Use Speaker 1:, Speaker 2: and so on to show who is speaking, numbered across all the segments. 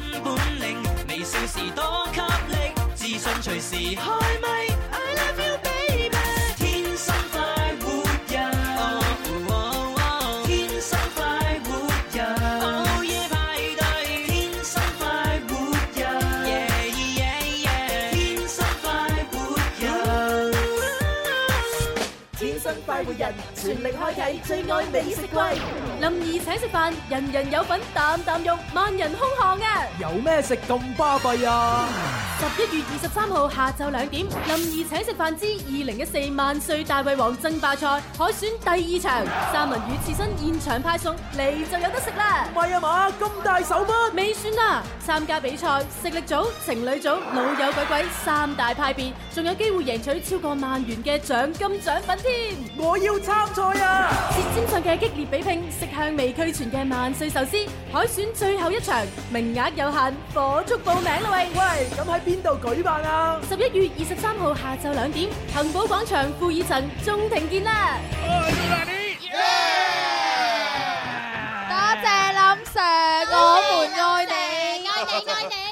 Speaker 1: 新本領，
Speaker 2: 微笑時多給力，自信隨時
Speaker 1: 開咪。I love you, baby。天生快活人，天生快活人，午夜派對，天生快活
Speaker 2: 人，天生快活人，天生快活人。全力開啓最愛美食季，林兒請食飯，人人有份啖啖肉，萬人空巷啊！有咩食咁巴閉啊？十一月二十三號下晝兩點，任意請食飯之二零一四萬歲大胃王爭霸賽海選第二場，三文魚刺身現場派送你就有得食啦！咪呀嘛，咁大手筆？未算啊，參加比賽食力組、情侶組、老友鬼鬼三大派別，仲有機會贏取超過萬元嘅獎金獎品添！我要參賽啊！舌尖上嘅激烈比拼，食香味俱全嘅萬歲壽司海選最後一場，名額有限，火速報名啦喂！喂，咁喺邊？邊度舉辦啊？十一月二十三號下晝兩點，恒寶廣場負二層，中庭見啦！
Speaker 3: 多謝林 Sir，我們愛你愛你愛你。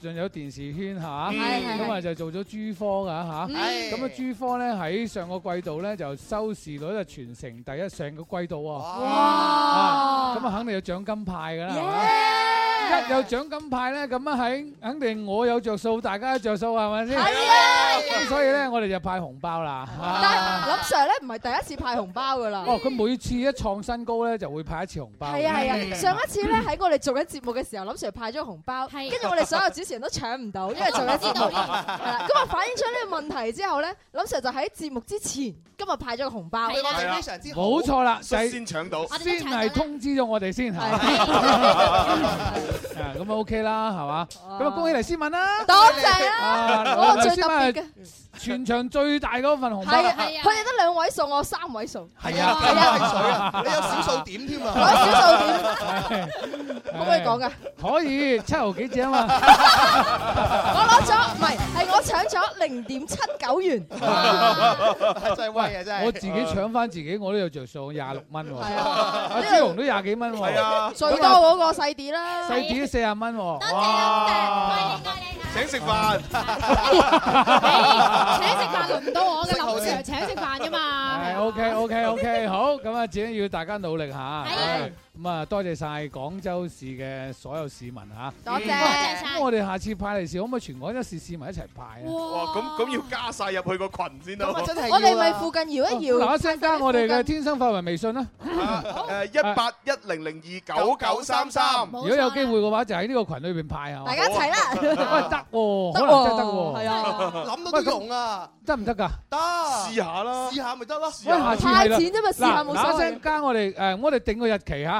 Speaker 4: 仲有電視圈吓？嚇、啊，咁啊、嗯、就做咗珠科吓？嚇、啊，咁啊、嗯、珠科咧喺上個季度咧就收視率就全城第一，上個季度喎，咁啊，哇啊肯定有獎金派㗎啦嚇。Yeah. 啊一有獎金派咧，咁啊喺，肯定我有着數，大家有着數係咪先？係啊。所以咧，我哋就派紅包啦。但係，
Speaker 3: 林 Sir 咧唔係第一次派紅包噶啦。哦，佢每
Speaker 4: 次一創新高咧，就會派一次紅包。係啊係啊，上一次咧喺
Speaker 3: 我哋做緊節目嘅時候，林 Sir 派咗個紅包，跟住我哋所有主持人都搶唔到，因為仲未知道。係啦。咁啊，反映出呢個問題之後咧，林 Sir 就喺節目之前，今日派咗個紅包。係啊，非常
Speaker 4: 之好。冇錯啦，就先搶到，先係通知咗我哋先吓。 啊，咁啊 OK 啦，係嘛？咁啊哇，就恭喜黎思敏啦！
Speaker 3: 多謝啦， 啊、我最特別嘅。
Speaker 4: 全場最大嗰份紅包，
Speaker 3: 佢哋得兩位數，我三位數。係啊，係啊，
Speaker 5: 係水啊！你有小數點添啊，我有小數點，可
Speaker 4: 唔可以講㗎？可以，七毫幾子啊嘛！
Speaker 3: 我攞咗唔係，係我搶咗零點七九元。真係威啊！真
Speaker 4: 係，我自己搶翻自己，我都有着數，廿六蚊喎。阿朱紅都廿幾蚊喎。係啊，最多嗰個
Speaker 3: 細碟啦，細碟
Speaker 4: 四啊蚊喎。哇！請食飯。請食飯輪唔到我嘅，林 Sir 請食飯噶嘛。係，OK OK OK， 好，咁啊，自己要大家努力下。 的咁啊，多謝晒廣州市嘅所有市民吓，多謝。咁我哋下次派利是，可唔可以全港一市市民一齊派
Speaker 6: 啊？哇！咁咁要加晒入去個群先得。我哋咪附近搖一搖，嗱一聲加我哋嘅天
Speaker 4: 生發文微信啦。誒，
Speaker 6: 一八一零零二九九三三。如果有
Speaker 4: 機會嘅話，就喺呢個群裏邊派啊。大家一齊啦。喂，得喎，可能真得喎。係啊，諗到都用啊。得唔得噶？得。
Speaker 5: 試下啦。試下咪得咯。喂，下次咪啦。太淺啫嘛，試下冇錯。嗱一聲
Speaker 4: 加我哋，誒，我哋定個日期吓。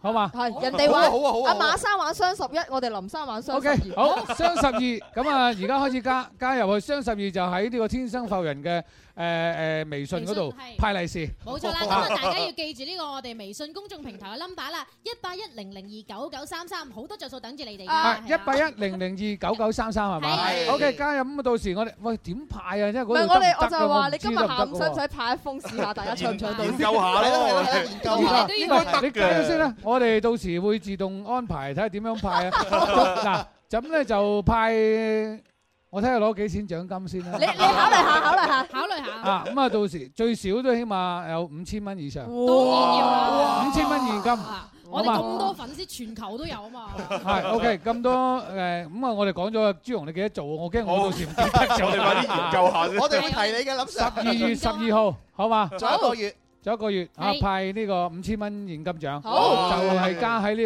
Speaker 4: 好嘛，係人哋玩，啊，好啊好啊。阿、啊、馬
Speaker 3: 生玩雙十一，我哋林生玩雙十二。Okay, 好，
Speaker 4: 雙十二咁啊，而家 開始加加入去雙十二就喺呢個天生浮人嘅。誒誒，微信嗰度派利是，冇錯啦。咁啊，大家
Speaker 7: 要記住呢個我哋微信公眾平台嘅冧碼啦，一八一零零二九九三三，好多著數等住你哋噶。
Speaker 4: 一八一零零二九九三三係嘛？O K 加入咁啊，到時我哋喂點派啊？即係嗰度得唔得嘅喎？唔係我哋，我就話你今日下午使唔使
Speaker 3: 派一封試下，大家搶唔搶到？研究下咯，研究下。應該得嘅。睇下
Speaker 4: 先啦，我哋到時會自動安排睇下點樣派啊。嗱，咁咧就派。我睇下攞幾錢獎金先啦。你你考慮下，考慮下，考慮下。啊，咁啊，到時最少都起碼有五千蚊以上。哇！五千蚊現金。啊，我哋咁多
Speaker 7: 粉絲，全球都有啊嘛。
Speaker 4: 係，OK，咁多誒，咁啊，我哋講咗朱紅，你記得做？我驚我到時唔記得做，我哋揾啲研究下先。我哋會提你嘅諗想。十二月十二號，好嘛？仲有一個月。就一個月是啊，派呢個五千蚊現金獎好、啊，就係、是、加喺呢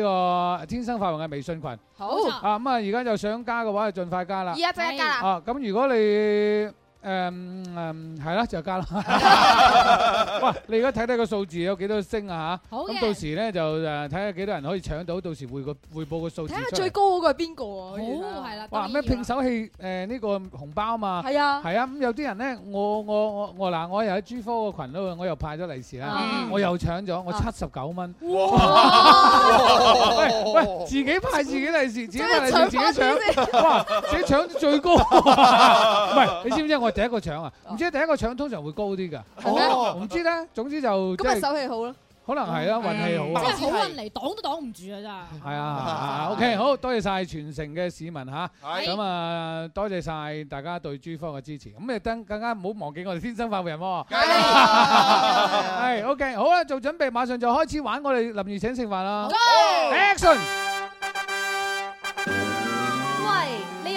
Speaker 4: 個天生發運嘅微信群。好啊，咁、嗯、啊，而家就想加嘅話就盡快加啦。而家就係加啦。是啊，咁如果你～誒誒，係啦，就加啦。哇！你而家睇睇個數字有幾多星啊？嚇，咁到時咧就誒睇下幾多人可以搶到，到時匯個匯報個數字。睇下最
Speaker 3: 高個係邊個啊？哦，係啦。哇！咩拼
Speaker 4: 手氣，誒，呢個紅包啊嘛。係啊。係啊。咁有啲人咧，我我我我嗱，我又喺 G 科個羣嗰度，我又派咗利是啦，我又搶咗，我七十九蚊。哇！喂喂，自己派自己利是，自己利是自己搶，哇！自己搶最高。唔係，你知唔知我？第一個搶啊，唔知第一個搶通常會高啲噶。哦，唔知咧，總之就今日，手氣好咯。可能係啦，運氣好。即係好運
Speaker 7: 嚟，擋都擋唔住啊！真係。
Speaker 4: 係啊，OK，好多謝晒全城嘅市民吓，咁啊，多謝晒大家對 G4 嘅支持。咁啊，更更加唔好忘記我哋天生快活人喎。係 OK，好啦，做準備，馬上就開始玩我哋林月請食飯啦。Action！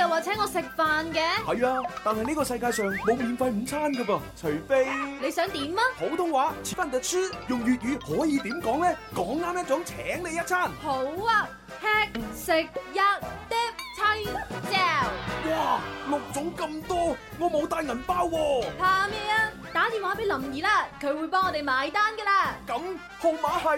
Speaker 7: 又話請我食飯嘅，係
Speaker 6: 啊！但係呢個世界上冇免費午餐噶噃，除非你想點啊？普通話：請分特餐。用粵語可以點講咧？講啱一種請你一餐。
Speaker 7: 好啊。吃食一碟青
Speaker 6: 椒。哇，六種咁多，我冇帶銀包喎，啊。怕
Speaker 7: 咩啊？打電話俾林兒啦，佢會幫我哋埋單噶啦。咁號碼係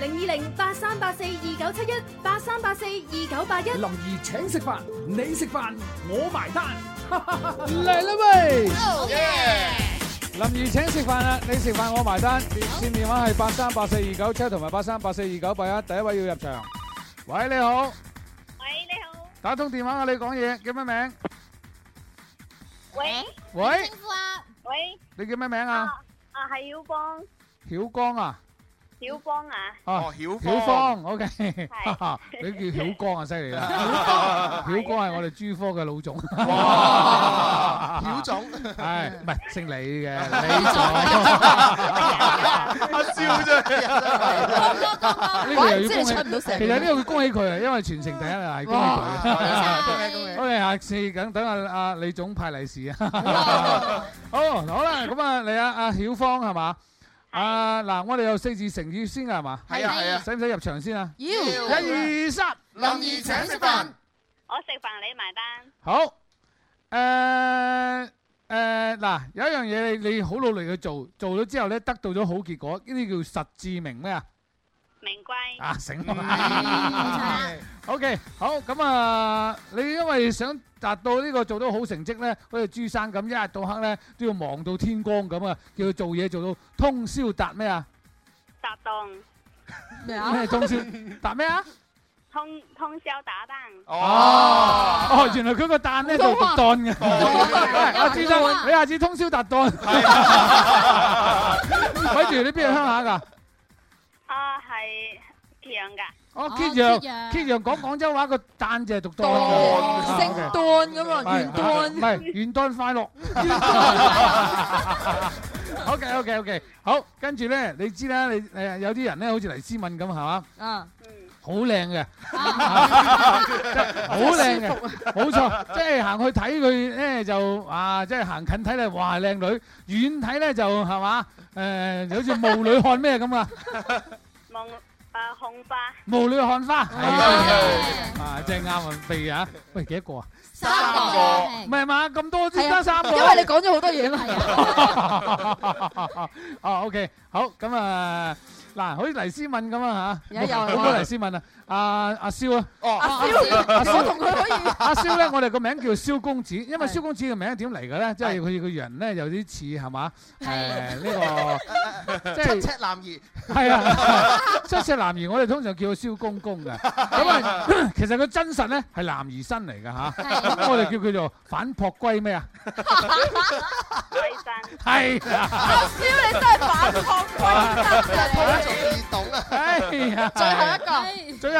Speaker 7: 零二零八三八四二九七一八三八四二九八一。71，林兒請食飯，
Speaker 4: 你食飯，我埋單。嚟啦喂！好嘅。林怡，請食飯啊！你食飯我埋單熱好線電話係八三八四二九七同埋八三八四二九八一，第一位要入場。喂，你好。喂，你好。打通電話啊！你講嘢，叫咩名？
Speaker 7: 喂。喂。喂。
Speaker 4: 你叫咩名啊？啊，係
Speaker 7: 曉光。
Speaker 4: 曉光啊。曉光啊！哦，曉曉光，OK，你叫曉光啊，犀利啦！曉光係我哋朱科嘅老總，曉總係唔係姓李嘅李總，阿肖啫。
Speaker 8: 呢個又要恭喜，其實呢個要
Speaker 4: 恭喜佢，因為全城第一日，恭喜佢。恭喜恭喜，等等阿阿李總派利是啊！好，好啦，咁啊，你阿阿曉光係嘛？啊嗱、uh,，我哋有四字成語先噶係嘛？係啊係啊，使唔使入場先啊？
Speaker 7: 要， 一二三林二，林姨請食飯，我食飯你埋單。
Speaker 4: 好，誒、呃、誒，嗱、呃，有一樣嘢你你好努力去做，做咗之後咧，得到咗好結果，呢啲叫實至名咩啊？名貴啊，名貴。O K，好咁啊，你因為想達到呢個做到好成績咧，好似朱生咁，一日到黑咧都要忙到天光咁啊，叫佢做嘢做到通宵達咩啊？搭
Speaker 3: 檔
Speaker 4: 咩啊？咩通宵達咩啊？通通宵搭檔。哦哦，原來佢個蛋咧係毒蛋嘅。朱生，你下次通宵搭檔。係啊。喂住，你邊度鄉下噶？
Speaker 8: 啊，係揭陽噶，哦揭陽，揭陽講
Speaker 4: 廣州話個旦字就係讀多聲，聖誕咁啊，元旦，唔係元旦快樂。OK，OK，OK，好。跟住咧，你知啦，你誒有啲人咧，好似黎思敏咁係嘛，嗯，好靚嘅，
Speaker 8: 好靚嘅，
Speaker 4: 冇錯。即係行去睇佢咧，就啊，即係行近睇咧，哇，靚女；遠睇咧就係嘛，誒，好似霧裏看咩咁啊。望啊，看花，霧裏看花，係啊，啊，即係啱啊，譬如啊，喂，幾多個啊？三個，唔係嘛，咁多隻加三個，因為你講咗好多嘢咯。哦，OK，好，咁啊，嗱，好似黎思敏咁啊吓，而家又係，好黎思敏啊。阿阿肖啊，阿肖同佢可以。阿肖咧，我哋個名叫肖公子，因為肖公子嘅名點嚟嘅咧，即係佢個人咧有啲似係嘛，誒呢個七尺男兒，
Speaker 5: 係啊，
Speaker 4: 七尺男兒我哋通常叫佢肖公公嘅，咁啊其實佢真實咧係男兒身嚟嘅吓，咁我哋叫佢做反撲歸咩啊？
Speaker 8: 歸真
Speaker 4: 係啊，阿
Speaker 8: 肖你真係反撲歸真啊，
Speaker 4: 同我做異懂啊，哎呀，最後一個，最後。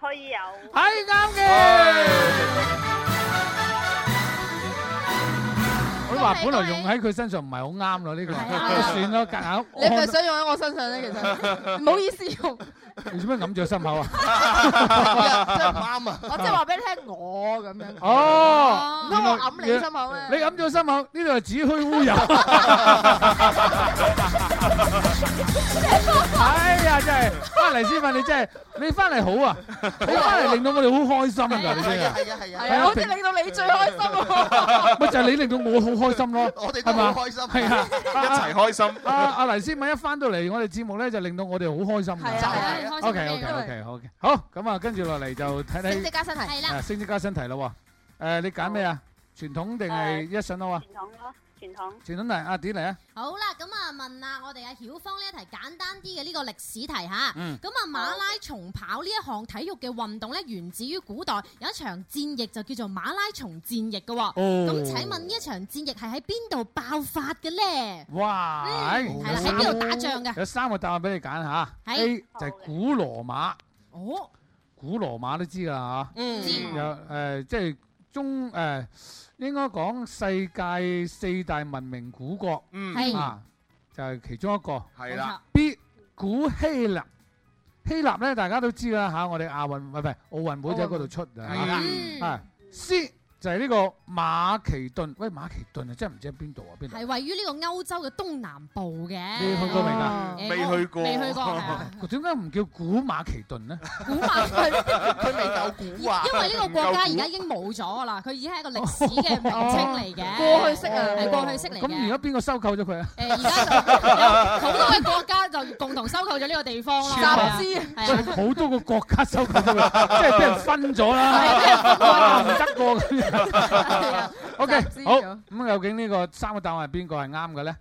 Speaker 4: 可
Speaker 3: 以有，係啱嘅。
Speaker 4: 我話本來用喺佢身上唔係好啱咯，呢、這個算咯，夾硬。你係咪
Speaker 3: 想用喺我身上咧，其實唔 好意思
Speaker 4: 用。你做咩揞住個心口啊？真係
Speaker 3: 唔啱啊！我即係話俾
Speaker 4: 你聽，我咁樣哦。唔通我揞你個心口咩？你揞住個心口，呢度係子虛烏有。哎呀，真係！阿黎詩敏，你真係你翻嚟，好啊！你翻嚟令到我哋好開心，係咪先啊？係啊係啊！好似令到
Speaker 3: 你最開心啊！
Speaker 4: 咪就係你令到我好開心咯！我哋都好開心，係啊，一齊開心。阿阿黎詩敏一翻到嚟，我哋節目咧就令到我哋好開心。係啊！O K O K O K 好嘅好，咁啊，跟住落嚟就睇睇升職加薪題係啦，升職加薪題咯，誒你揀咩啊？傳統定係一上腦啊？傳統咯。傳統，傳統題阿 Di 嚟啊？
Speaker 7: 好啦，咁啊問啊我哋阿曉芳呢一題簡單啲嘅呢個歷史題吓。嗯。咁啊馬拉松跑呢一項體育嘅運動咧，源自於古代有一場戰役就叫做馬拉松戰役嘅。嗯。咁請問呢一場戰役係喺邊度爆發嘅咧？
Speaker 4: 哇！係喇，喺邊度打仗嘅？有三個答案俾你揀吓。A 就係古羅馬。哦。古羅馬都知噶啦吓。嗯。有誒，即係中誒。應該講世界四大文明古國，嗯，係嘛、啊，就係、是、其中一個，係啦。B 古希臘，希臘咧，大家都知啦吓、啊，我哋亞運唔係唔係奧運會就喺嗰度出嘅，係 C。就係呢個馬其頓，喂，馬其頓啊，真係唔知喺邊度啊，邊度？係
Speaker 7: 位於呢個歐洲嘅東南部嘅。你去過未啊？未去過。未去
Speaker 4: 過。點解唔叫古馬其頓呢？古馬佢佢未夠古。因為呢個國家而家已
Speaker 7: 經冇咗㗎啦，佢已經係一個歷史嘅名稱嚟嘅，過去式啊，係過去式嚟。咁而
Speaker 4: 家邊個收購咗佢啊？而
Speaker 7: 家就好多嘅國家就共同收購咗呢個地方啦。集資。
Speaker 4: 好多個國家收購咗啦，即係俾人分咗啦。唔得個。OK，好，咁究竟呢個三個答案係邊個係啱嘅咧？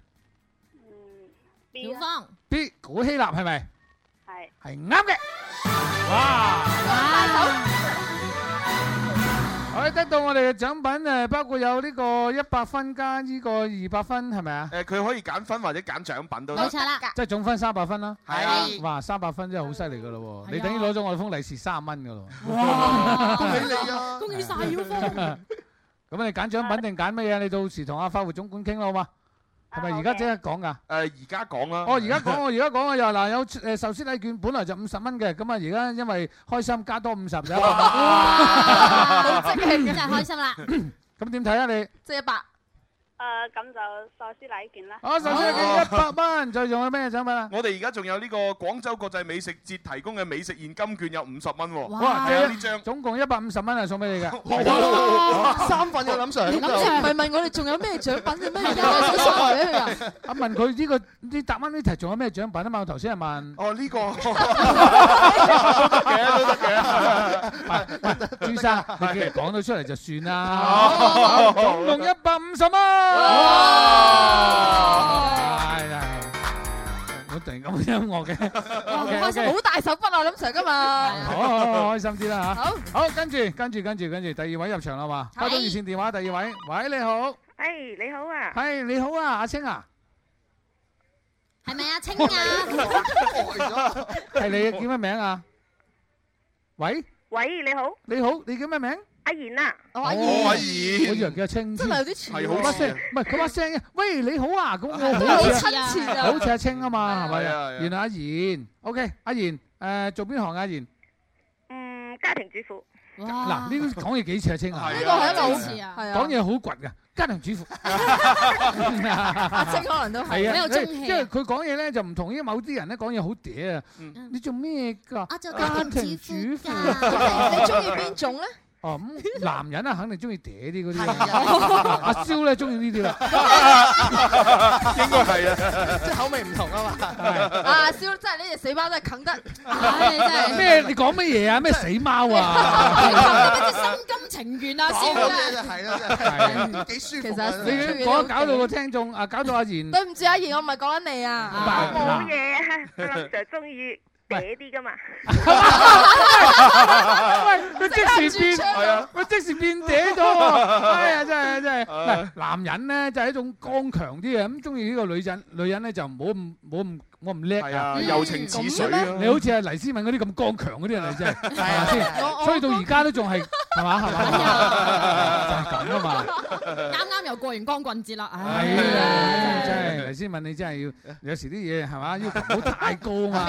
Speaker 7: 小方
Speaker 4: ，B 古希臘係咪？係，係啱嘅。哇！快手。我得到我哋嘅獎品誒，包括有呢個一百分加呢個二百分，係咪啊？誒，佢可以揀分或者揀獎品都得。冇錯啦，即係總分三百分啦。係。哇，三百分真係好犀利㗎咯喎！你等於攞咗我封利是卅蚊㗎咯。哇！恭喜你啊！恭喜曬！咁啊，你揀獎品定揀乜嘢？你到時同阿發會總管傾啦，好嘛？係咪而家即刻講㗎？誒而家講啊，啊哦，而家講，我而家講，啊、呃。又嗱有誒壽司禮券，本來就五十蚊嘅，咁啊而家因為開心加多五十，就一百，哇！即係真係開心啦！咁點睇啊你？
Speaker 3: 即一百。誒，
Speaker 4: 咁就壽司禮件啦。好，首先一百蚊，再仲有咩獎品啊？我哋而家
Speaker 6: 仲有呢個廣州國際美食節提供嘅美食現金券，有五十蚊。哇！呢張
Speaker 4: 總共一百五十蚊啊，送俾你嘅。
Speaker 5: 三份嘅林
Speaker 6: Sir。林 Sir 唔係
Speaker 4: 問我哋仲有咩獎品啊？咩而家想送俾你啊？啊，問佢呢個，你答翻呢題，仲有咩獎品啊？嘛，我頭先係問。哦，呢個。都得嘅。朱生，你既然講到出嚟就算啦。總共一百五十蚊。哦，係啊！我突然咁音樂嘅，開心好
Speaker 3: 大手筆啊！林 Sir 噶嘛，好
Speaker 4: 開心啲啦吓，好，好跟住跟住跟住跟住，第二位入場啦嘛，交到熱線電話，第二位，喂，你好，
Speaker 9: 哎，你好啊，
Speaker 4: 係你好啊，阿青啊，
Speaker 9: 係咪阿青
Speaker 4: 啊？係你叫咩名啊？喂，
Speaker 3: 喂，你好，
Speaker 4: 你好，你叫咩名？阿賢啦，阿賢，阿賢，我以為佢叫阿青，真係有啲似，係好似，唔係佢把聲，喂，你好啊，咁好親切啊，好似阿青啊嘛，係咪啊，原來阿賢，O K，阿賢，誒做邊行啊？阿賢，
Speaker 8: 嗯，
Speaker 3: 家
Speaker 4: 庭主婦。哇，嗱呢講嘢幾似阿青啊，呢個係一個好似啊，講嘢好倔噶，家庭主婦，阿青
Speaker 3: 可能都係比較中意，因為
Speaker 4: 佢講嘢咧就唔同於某啲人咧講嘢好嗲啊，你做咩噶？我做家庭主婦噶，你中意邊種咧？哦，男人啊，肯定中意嗲啲嗰啲，阿蕭咧中意呢啲啦，應該係啊，即
Speaker 5: 係口味唔同啊
Speaker 4: 嘛。
Speaker 3: 阿蕭真係呢隻死貓真係啃得，
Speaker 4: 咩？你講咩嘢啊？咩死貓啊？心甘
Speaker 3: 情願啊，先啦，係啦，真係幾舒服。其實你講搞到個
Speaker 4: 聽眾啊，搞到阿賢，
Speaker 3: 對唔住阿賢，我唔係講緊你啊，冇嘢，阿林就
Speaker 9: 中意。
Speaker 4: 嗲啲噶嘛？嗯、 喂，佢即時變，佢即時變嗲咗，哎呀，真係真係， 喂男人咧 就係一種剛強啲嘅，咁中意呢個女人，女人咧就唔好咁冇咁。我唔叻，柔情似水咯。你好似係黎思敏嗰啲咁剛強嗰啲人嚟啫，係咪先？所以到而家都仲係，係嘛？係嘛？就係咁啊嘛！啱
Speaker 7: 啱又過完光棍節啦，唉！真係
Speaker 4: 黎思敏，你真係要有時啲嘢係嘛？要求唔好太高嘛。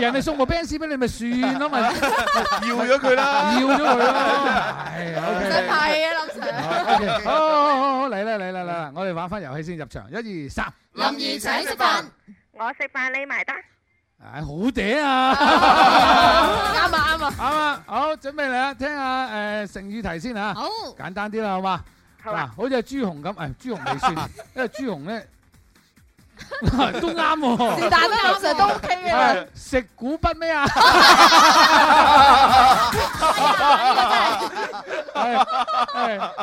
Speaker 4: 人哋送部 Benz 俾你，咪算咯咪，要咗佢啦，要咗佢啦。唔想拍戲啊，
Speaker 8: 林 Sir！好
Speaker 4: 好好好，嚟啦嚟啦嚟啦！我哋玩翻遊戲先入場，一二三，
Speaker 3: 林怡請食飯。
Speaker 4: 我食飯你埋單，唉好嗲啊！啱啊啱啊啱啊！好準備嚟啦，聽下誒成語題先吓，好簡單啲啦，好嘛？嗱，好似朱紅咁，誒朱紅未算，因為朱紅咧都啱，你答啱就 OK 嘅。食古不咩啊？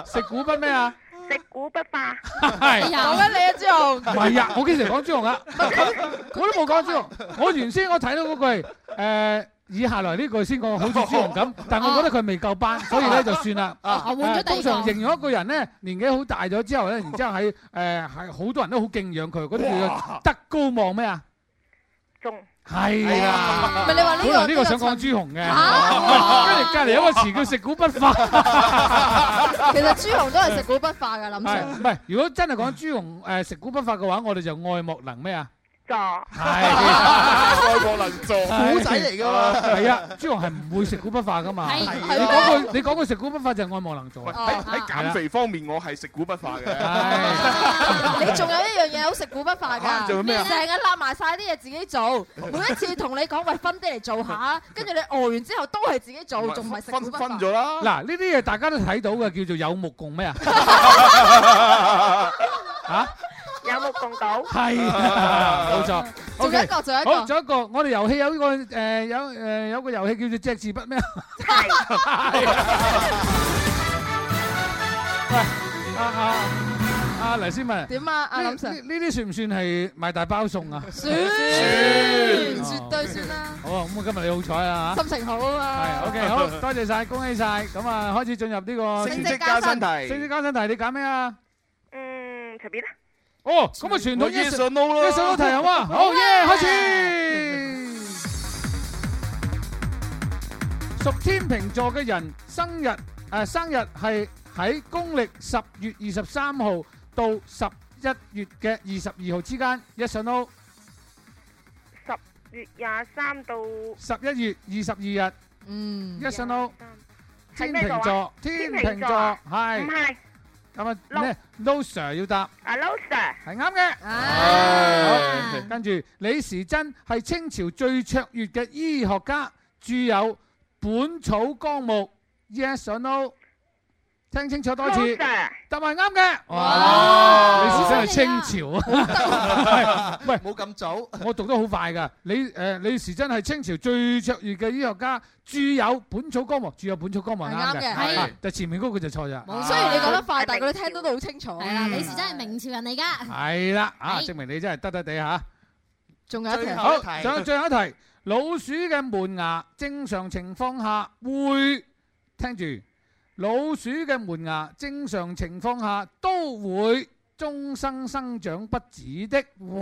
Speaker 4: 食古不咩啊？
Speaker 3: 食
Speaker 4: 古不化，係講緊你啊！朱紅，唔係呀，我幾常講朱紅啊？我都冇講朱紅，我原先我睇到嗰句，誒、呃，以下來呢句先講，好似朱紅咁，但係我覺得佢未夠班，所以咧就算啦、啊。通常形容一個人咧，年紀好大咗之後咧，然之後喺誒係好多人都好敬仰佢，嗰啲叫做「德高望咩啊？宗。係啊，本來呢個想講朱紅嘅，啊、跟住隔離有個詞叫食古不化。 其實朱紅都係食古不化
Speaker 3: 嘅林 Sir。唔係，哎
Speaker 4: 哎，如果真係講朱紅誒食古不化嘅話，我哋就愛莫能咩啊？噶，
Speaker 6: 係愛莫能助，古仔嚟噶嘛？係啊，
Speaker 4: 朱華係唔會食古不化噶嘛？係，你講句，你講句食古不化就係愛莫能助。喺喺
Speaker 6: 減肥方面，我係食古不化
Speaker 3: 嘅。你仲有一樣嘢好食古不化嘅，咩？成日攬埋晒啲嘢自己做，每一次同你講話分啲嚟做下，跟住你餓完之後都係自己做，仲係
Speaker 4: 食古不化。分分咗啦！嗱，呢啲嘢大家都睇到嘅，叫做有目共咩啊？嚇？有目共睹係冇錯，仲有一個，仲有一個，仲有一個，我哋遊戲有呢個誒，有誒有個遊戲叫做隻字不咩啊？喂，阿阿阿黎斯文，點
Speaker 3: 啊？阿林晨，
Speaker 4: 呢啲算唔算係賣大包送啊？算，絕對算啦。好，咁啊今日你好彩啊，心情好啊。係，OK，好多謝晒，恭喜晒。咁啊開始進入呢個升職加薪題，升職加薪題，你揀咩啊？嗯，
Speaker 3: 隨便啦。
Speaker 4: 哦，咁咪全睇《Yes or No》咯，《Yes or No》題好嘛？好，耶開始。屬天秤座嘅人，生日誒，生日係喺公歷十月二十三號到十一月嘅二十二號之間，《Yes or No》。十月廿三到。十一月二十二日。嗯。《Yes or No》天秤座，天秤座係。唔係。咁啊，咩？loser 要答啊，loser 係啱嘅。好，跟住李時珍係清朝最卓越嘅醫學家，著有《本草綱目》，yes or no。聽清楚多次，答埋啱嘅。哦，李時珍係清朝，喂，冇咁早。我讀得好快噶。李誒，李時珍係清朝最卓越嘅醫學家，著有《本草綱目》，著有《本草綱目》係啱嘅。係，但前面嗰句就錯咗。雖然你講得快，但係佢都聽得到好清楚。係啦，李時珍
Speaker 7: 係明朝人嚟噶。係
Speaker 4: 啦，吓證明你真係得得地吓。仲有一題，好，仲有最後一題。老鼠嘅門牙正常情況下會聽住。老鼠嘅門牙正常情況下都會終生生長不止的，哇！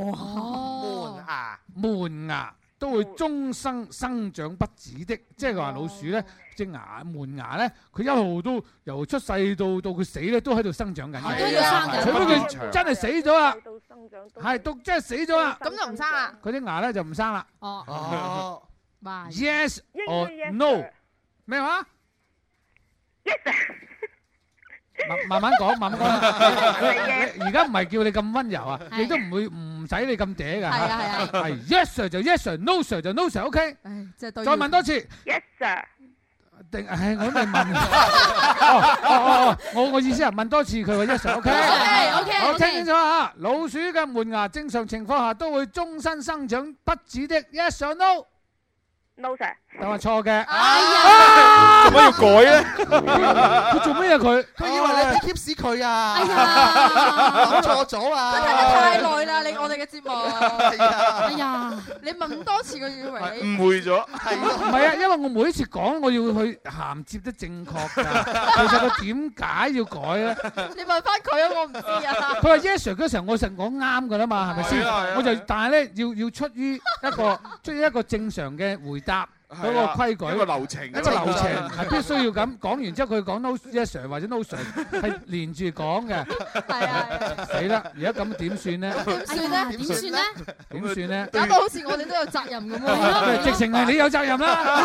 Speaker 4: 門牙門牙都會終生生長不止的，即係話老鼠咧，隻牙門牙咧，佢一路都由出世到到佢死咧，都喺度生長緊。係啊，除非佢真係死咗啦。到生長都係，到真係死咗啦。
Speaker 3: 咁就唔生啦。
Speaker 4: 佢啲牙咧就唔生啦。哦，yes or no？咩話？Yes sir，慢慢慢講，慢慢講。而家唔係叫你咁溫柔啊，你都唔會唔使你咁嗲噶係啊係啊。係 Yes sir 就 Yes sir，No sir 就 No sir，OK。唉，即
Speaker 3: 係對。再問多次。Yes sir。
Speaker 4: 定唉，我咪問。我個意思係，問多次佢話 Yes sir，OK。OK OK OK。我聽清楚啊，老鼠嘅門牙正常情況下都會終身生長，不止的 Yes sir No。no sir，但係錯嘅，做咩做乜要改咧？佢做咩？因為佢，佢
Speaker 5: 以為你係 keep 死佢啊！哎呀，
Speaker 4: 講錯咗啊！我等得太耐
Speaker 6: 啦，
Speaker 5: 你我哋嘅節目。哎呀，
Speaker 3: 你問多次個語尾，誤會
Speaker 4: 咗。唔係啊，因為我每一次講，我要去銜接得正確噶。其實佢點解要改咧？
Speaker 3: 你問翻佢啊，我唔知啊。
Speaker 6: 佢話
Speaker 4: yes sir 嗰時候，我成講啱噶啦嘛，係咪先？我就，但係咧，要要出於一個出於一個正常嘅回答。嗰個規矩，嗰個流程，嗰個流程係必須要咁講完之後，佢講 no yes sir 或者 no sir 係連住講嘅。係啊。死啦，而家咁點算咧？點算咧？點算咧？點算咧？
Speaker 3: 搞到好似我哋都有責任咁喎。直
Speaker 4: 情係你有責任啦。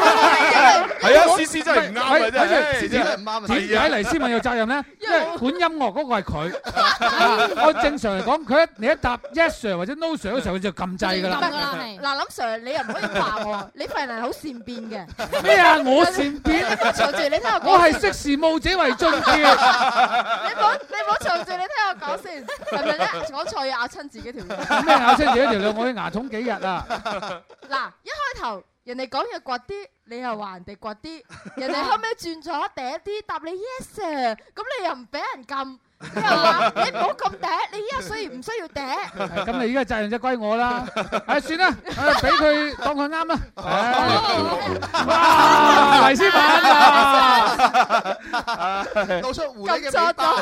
Speaker 3: 係啊，思思真係
Speaker 4: 唔啱嘅啫。點解黎思敏有責任咧？因為管音樂嗰個係佢。我正常嚟講，佢一你一答 yes sir 或者 no sir 嗰時候，佢就撳掣㗎啦。嗱，
Speaker 3: 林 Sir，你又唔可以話喎，你份人好善變嘅咩啊？我善變，我係識
Speaker 4: 時務者為俊傑。
Speaker 3: 你唔好，你唔好嘈住，你聽我講 先，係咪咧？講錯要咬親自己條脷，咁
Speaker 4: 咩咬親自己條脷，我要牙痛幾日啊！
Speaker 3: 嗱，一開頭人哋講嘢倔啲，你又話人哋倔啲，人哋後尾轉咗嗲啲答你 yes，咁、啊、你又唔俾人撳。你唔好咁嗲，你依家所以唔需要嗲。
Speaker 4: 咁、哎、你依家責任就歸我啦。唉、哎，算、哎、算啦，誒、哎，俾佢當佢啱啦。好，黎先生、啊，露出狐狸嘅尾巴。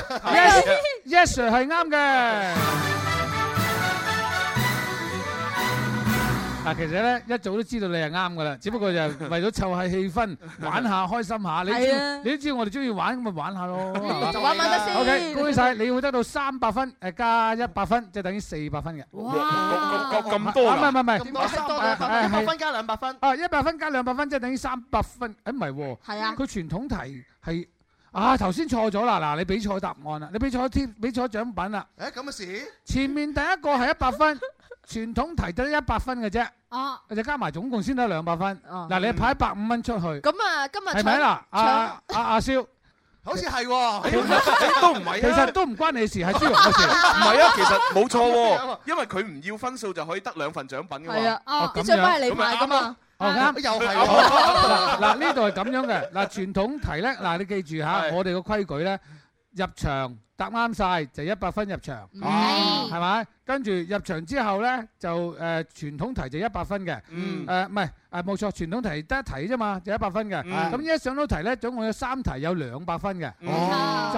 Speaker 4: Yes，Sir，係啱嘅。Yes, yes, 嗱，其實咧一早都知道你係啱嘅啦，只不過就為咗湊下氣氛，玩下開心下。你都你都知我哋中意玩咁咪玩下咯。OK，恭喜曬！你會得到三百分，誒加一百分，即係等於四百分嘅。哇！咁多唔係唔係唔係，一百分加兩百分。啊，一百分加兩百分即係等於三百分。誒唔係喎。係啊。佢傳統題係啊頭先錯咗啦，嗱你俾錯答案啦，你俾錯添，俾錯獎品啦。誒咁嘅事？前面第一個係一百分。傳統題得一百分嘅啫，佢就加埋總共先得兩百分。嗱，你派百五蚊出去。咁
Speaker 5: 啊，今日係咪啊？嗱，阿
Speaker 4: 阿阿蕭，好似係喎，都唔係，其實都唔關你事，係蕭嘅事，唔係啊。其實冇錯，
Speaker 6: 因為佢唔要分數就可以得兩份獎品嘅嘛。係啊，哦，咁樣咁啊，咁啊，哦啱，又係嗱，
Speaker 4: 呢度係咁樣嘅嗱，傳統題咧嗱，你記住吓，我哋個規矩咧，入場。答啱晒，就一百分入場，係，係咪？跟住入場之後咧，就誒傳統題就一百分嘅，誒唔係誒，冇錯傳統題得一題啫嘛，就一百分嘅。咁一上到題咧，總共有三題有兩百分嘅，就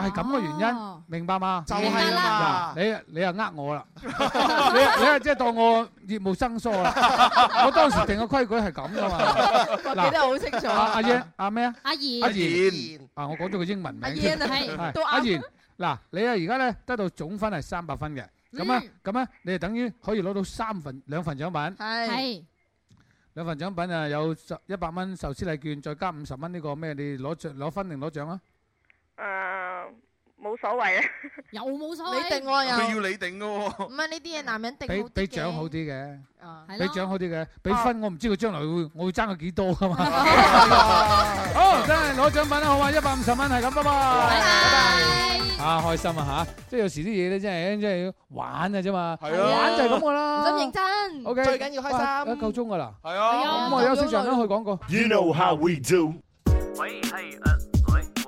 Speaker 4: 係咁嘅原因，明白嗎？就係啦，你你又呃我啦，
Speaker 8: 你你
Speaker 4: 又即係當我業務生疏啦。我當時定嘅規矩係咁嘅嘛。
Speaker 8: 嗱，好
Speaker 4: 清楚。阿阿咩啊？阿言。阿言。啊，我講咗個英文名。阿言。嗱，你啊，而家咧得到總分係三百分嘅，咁啊，咁啊，你啊等於可以攞到三分兩份獎品，係兩份獎品啊，有一百蚊壽司禮券，再加五十蚊呢個咩？你攞著攞分定攞獎啊？
Speaker 7: 誒。冇所謂啊，又冇所謂，你定我
Speaker 3: 佢，要你定噶喎。唔係呢啲嘢男人定好，俾俾獎好啲嘅，俾獎
Speaker 4: 好啲嘅，俾分我唔知佢將來會我會爭佢幾多噶嘛。好，真係攞獎品啦，好啊，一百五十蚊係咁啦嘛。拜拜，啊開心啊吓，即係有時啲嘢咧，真係真係要玩啊啫嘛。係咯，玩就係咁噶
Speaker 5: 啦。唔使認
Speaker 3: 真，O K，最緊要
Speaker 4: 開心。夠鐘噶啦，係啊，咁我休息上都可以講個。You know how we do？喂，係
Speaker 3: 誒。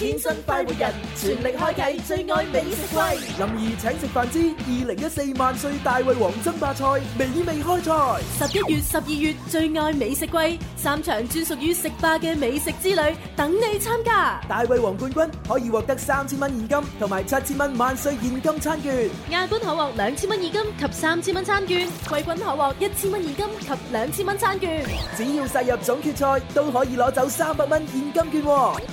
Speaker 2: 天生快活人，全力開啟最愛美食季，臨而請食飯之二零一四萬歲大胃王爭霸賽美味開賽，十一月十二月最愛美食季，三場專屬於食霸嘅美食之旅等你參加。大胃王冠軍可以獲得三千蚊現金同埋七千蚊萬歲現金餐券，亞軍可獲兩千蚊現金及三千蚊餐券，季軍可獲一千蚊現金及兩千蚊餐券。只要殺入總決賽，都可以攞走三百蚊現金券。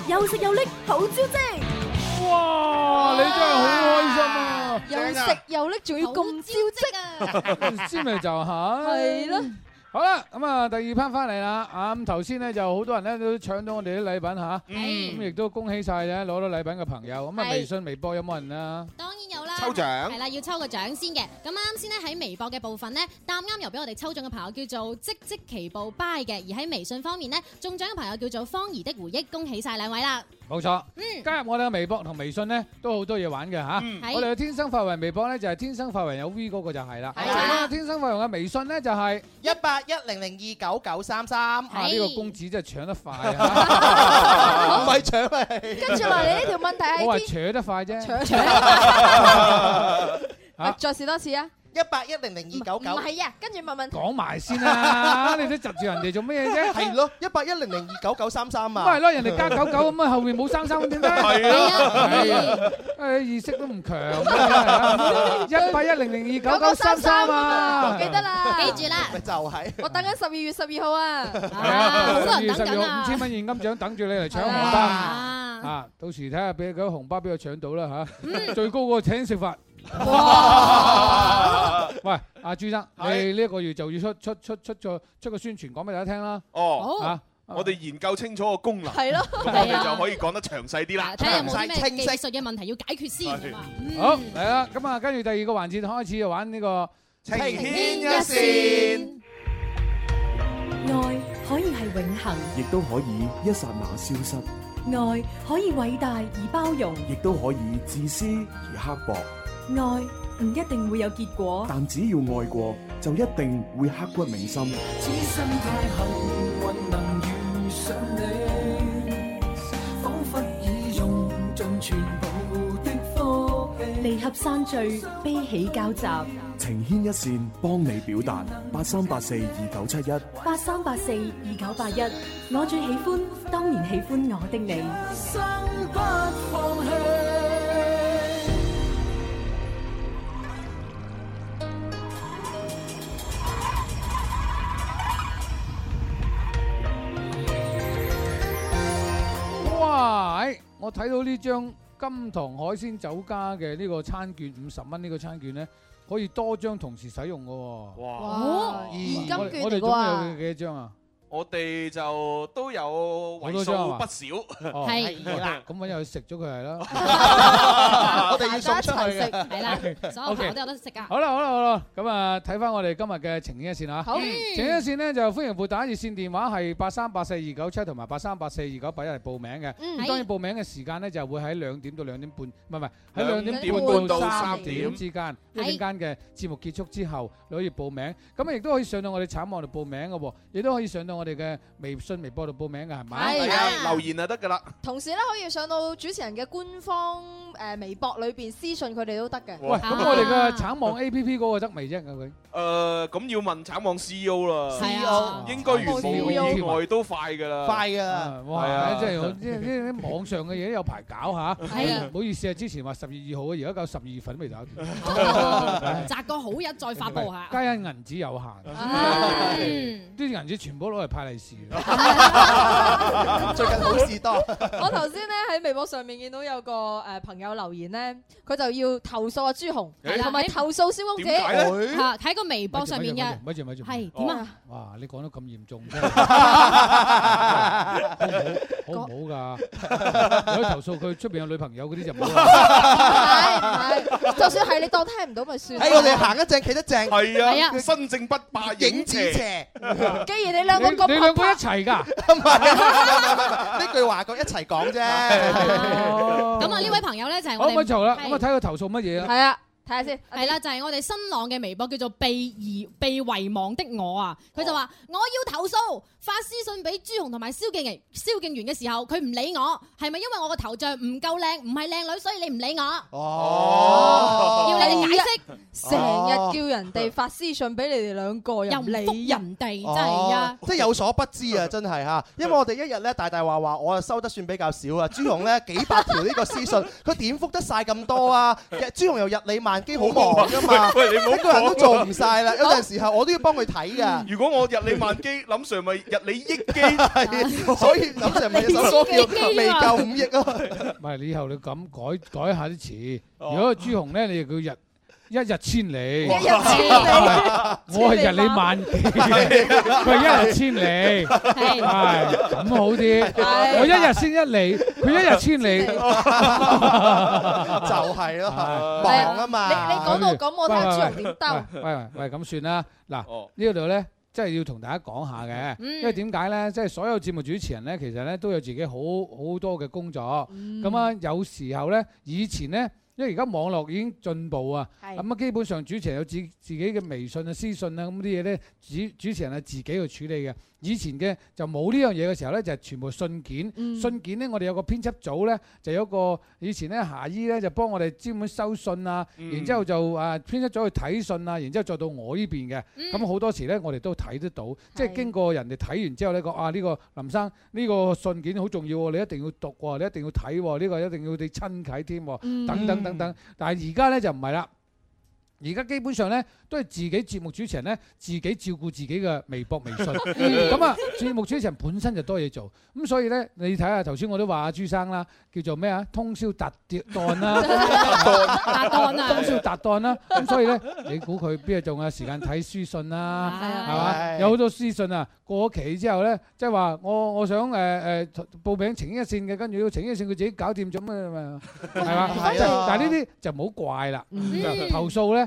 Speaker 2: 有食有力。
Speaker 3: 好
Speaker 4: 招積哇！你真係好開心啊！又食又搦，仲要咁招積啊！先嚟就係係咯，好啦，咁啊，第二 part 翻嚟啦啊！咁頭先咧就好多人咧都搶到我哋啲禮品吓，咁亦都恭喜晒咧攞到禮品嘅朋友。咁啊，微信微博有冇人啊？當然
Speaker 7: 有啦，抽獎係啦，要抽個獎先嘅。咁啱先咧喺微博嘅部分咧，答啱由俾我哋抽中嘅朋友叫做積積奇步 buy 嘅，而喺微信方面咧中獎嘅朋友叫做方怡的回憶，恭喜晒兩位啦！
Speaker 4: 冇錯，加入我哋嘅微博同微信咧，都好多嘢玩嘅吓。嗯、我哋嘅天生發圍微博咧就係、係、天生發圍有 V 嗰個就係啦。的啊、我天生發圍嘅微信咧就係
Speaker 5: 一八一零零二九九三三。啊，呢的個公
Speaker 4: 子真係搶得快啊！唔係搶啊！ 跟住話你呢條問題係，我係搶得快啫。 搶搶
Speaker 3: 快 再試多次啊！一八一零零二九九，唔係啊，跟住問問講埋
Speaker 5: 先
Speaker 4: 啦，你都窒住人哋做咩啫？係咯，一八
Speaker 5: 一零零二九九三三啊，咁係咯，人哋加九九咁啊，後面冇三三點解？
Speaker 4: 係啊，意識都唔強，一八一零零二九九三三啊，記得啦，記
Speaker 3: 住啦，咪就係，我等緊十二月十二號啊，
Speaker 4: 係啊，好多人等緊啊，五千蚊現金獎等住你嚟搶紅包啊，啊，到時睇下俾個紅包俾我搶到啦吓，最高個請食飯。喂，阿朱生，你呢一個月就要出出出出個出個宣傳，講俾大家聽啦。哦，吓，我哋
Speaker 6: 研究清楚個功
Speaker 7: 能，係咯，我哋就可以
Speaker 6: 講得詳細啲啦。睇
Speaker 7: 下有冇咩技術嘅問題要解決先。好，
Speaker 4: 嚟啦。咁啊，跟住第二個環節開始就玩呢個情牽一線。愛可以係永恒，
Speaker 6: 亦都可以一剎那消失。
Speaker 2: 愛可以偉大而包容，
Speaker 6: 亦都可以自私而刻薄。
Speaker 2: 愛唔一定會有結果，
Speaker 6: 但只要愛過，就一定會刻骨銘心。
Speaker 2: 此生太幸運能遇上你，仿佛已用盡全部的離合散聚，悲喜交集，
Speaker 6: 情牽一線，幫你表達。八三八四二九七一，
Speaker 2: 八三八四二九八一，我最喜歡，當然喜歡我的你。
Speaker 4: 我睇到呢張金堂海鮮酒家嘅呢個餐券，五十蚊呢個餐券咧，可以多張同時使用嘅喎。哇！現哇金券嚟嘅？我哋仲有幾多張啊？
Speaker 6: 我哋就都有為數不少，係啦，咁揾入去食咗佢
Speaker 4: 係啦，我哋要出出去嘅，係啦，所有朋友都有得食噶。好啦好啦好啦，咁啊睇翻我哋今日嘅情牽一線啊，情牽一線咧就歡迎撥打熱線電話係八三八四二九七同埋八三八四二九八一嚟報名嘅。嗯，當然報名嘅時間咧就會喺兩點到兩點半，唔係唔係喺兩點半到三點之間，一陣間嘅節目結束之後你可以報名。咁啊亦都可以上到我哋網站度報名嘅喎，亦都可以上到我哋嘅微信微博度報名噶係咪？係啊，留言就得㗎啦。
Speaker 3: 同時咧，可以上到主持人嘅官方誒微博裏邊私信佢哋都得嘅。喂，
Speaker 4: 咁我哋嘅橙網 A P P 嗰個得未啫，阿永。
Speaker 6: 咁要問橙網 C E O 啦。C E O 應該完好意外都快㗎啦。
Speaker 4: 快㗎啦！哇，真係即係網上嘅嘢有排搞下。係。唔好意思啊，之前話十月二號而家夠十二月份未搞。摘
Speaker 7: 個好日再發布下，
Speaker 4: 皆因銀紙有限。呢啲銀紙全部攞嚟，派利是， 最近好事多 我。
Speaker 3: 我頭先咧喺微博上面見到有個誒朋友留言咧，佢就要投訴阿朱紅，同埋、欸、投訴蕭公子？點解個微博上面嘅，
Speaker 4: 咪住咪住。係點啊？哇！你講得咁嚴重，好唔 好？好唔好噶？如果那 投訴佢出邊有女朋友嗰啲就唔好。唔
Speaker 5: 係
Speaker 3: 係，就算係你當聽唔到咪算。喺、哎、我哋行
Speaker 4: 得正企得正，係 啊，
Speaker 5: 身
Speaker 6: 正不怕影子斜、 嗯。既然你兩個。你兩
Speaker 4: 個一齊噶，
Speaker 5: 呢句話，佢一齊講啫。
Speaker 6: 咁 啊，呢位朋友咧就
Speaker 7: 係、是、我。可唔可以做咧？咁
Speaker 4: 啊，睇佢是 投訴乜嘢是啊？係啊，睇
Speaker 7: 下先。係啦，就係我哋新浪嘅微博叫做被遺被遺忘的我啊，佢就話我要投訴。啊啊發私信俾朱紅同埋蕭敬儀、蕭敬元嘅時候，佢唔理我，係咪因為我個頭像唔夠靚，唔係靚女，所以你唔理我？哦，要你哋解釋，成日、哦、叫
Speaker 3: 人哋發私信俾你哋兩個，又唔理人哋，哦、真係啊！
Speaker 5: 即係有所不知啊，真係吓，因為我哋一日咧大大話話，我啊收得算比較少啊。朱紅咧幾百條呢個私信，佢點覆得晒咁多啊？朱紅又日理萬機，好忙噶嘛，每個 人都做唔晒啦。 有陣時候我都要幫佢睇噶。
Speaker 6: 如果我日理萬機，林 Sir 咪？你益機，所以
Speaker 5: 諗就係首歌未夠五億咯。
Speaker 4: 唔係你以後你咁改改下啲詞。如果朱紅咧，你就叫日一日千里。我係日你萬幾，佢係一日千里。係咁好啲。我一日先一里，佢一日千里，就係咯。忙啊嘛。你你講到咁，我睇下朱紅點兜？喂喂，咁算啦。嗱呢度咧。即係要同大家講下嘅，嗯、因為點解呢？即係所有節目主持人呢，其實呢都有自己好，好多嘅工作，咁啊、嗯、有時候呢，以前呢。因為而家網絡已經進步啊，咁啊是基本上主持人有自自己嘅微信啊、私信啊，咁啲嘢咧主主持人係自己去處理嘅。以前嘅就冇呢樣嘢嘅時候咧，就係、全部信件。嗯、信件呢，我哋有個編輯組咧，就有個以前咧夏姨咧就幫我哋專門收信啊，嗯、然之後就啊編輯組去睇信啊，然之後再到我呢邊嘅。咁好、嗯、多時咧，我哋都睇得到，嗯、即係經過人哋睇完之後咧講啊，呢、呢個林生呢、呢個信件好重要喎，你一定要讀喎，你一定要睇喎，呢、呢個一定要你親啟添等等、嗯。等等，嗯，但係而家咧就唔係啦。而家基本上咧，都係自己節目主持人咧，自己照顧自己嘅微博微信。咁啊，節目主持人本身就多嘢做，咁所以咧，你睇下頭先我都話阿朱生啦，叫做咩啊？通宵搭跌檔啦，搭檔啊，通宵搭檔啦。咁所以咧，你估佢邊度有啊？時間睇私信啊，係嘛？有好多私信啊，過咗期之後咧，即係話我我想誒誒報名情牽一線嘅，跟住要情牽一線佢自己搞掂咗咩㗎嘛？係嘛？但係呢啲就唔好怪啦，投訴咧。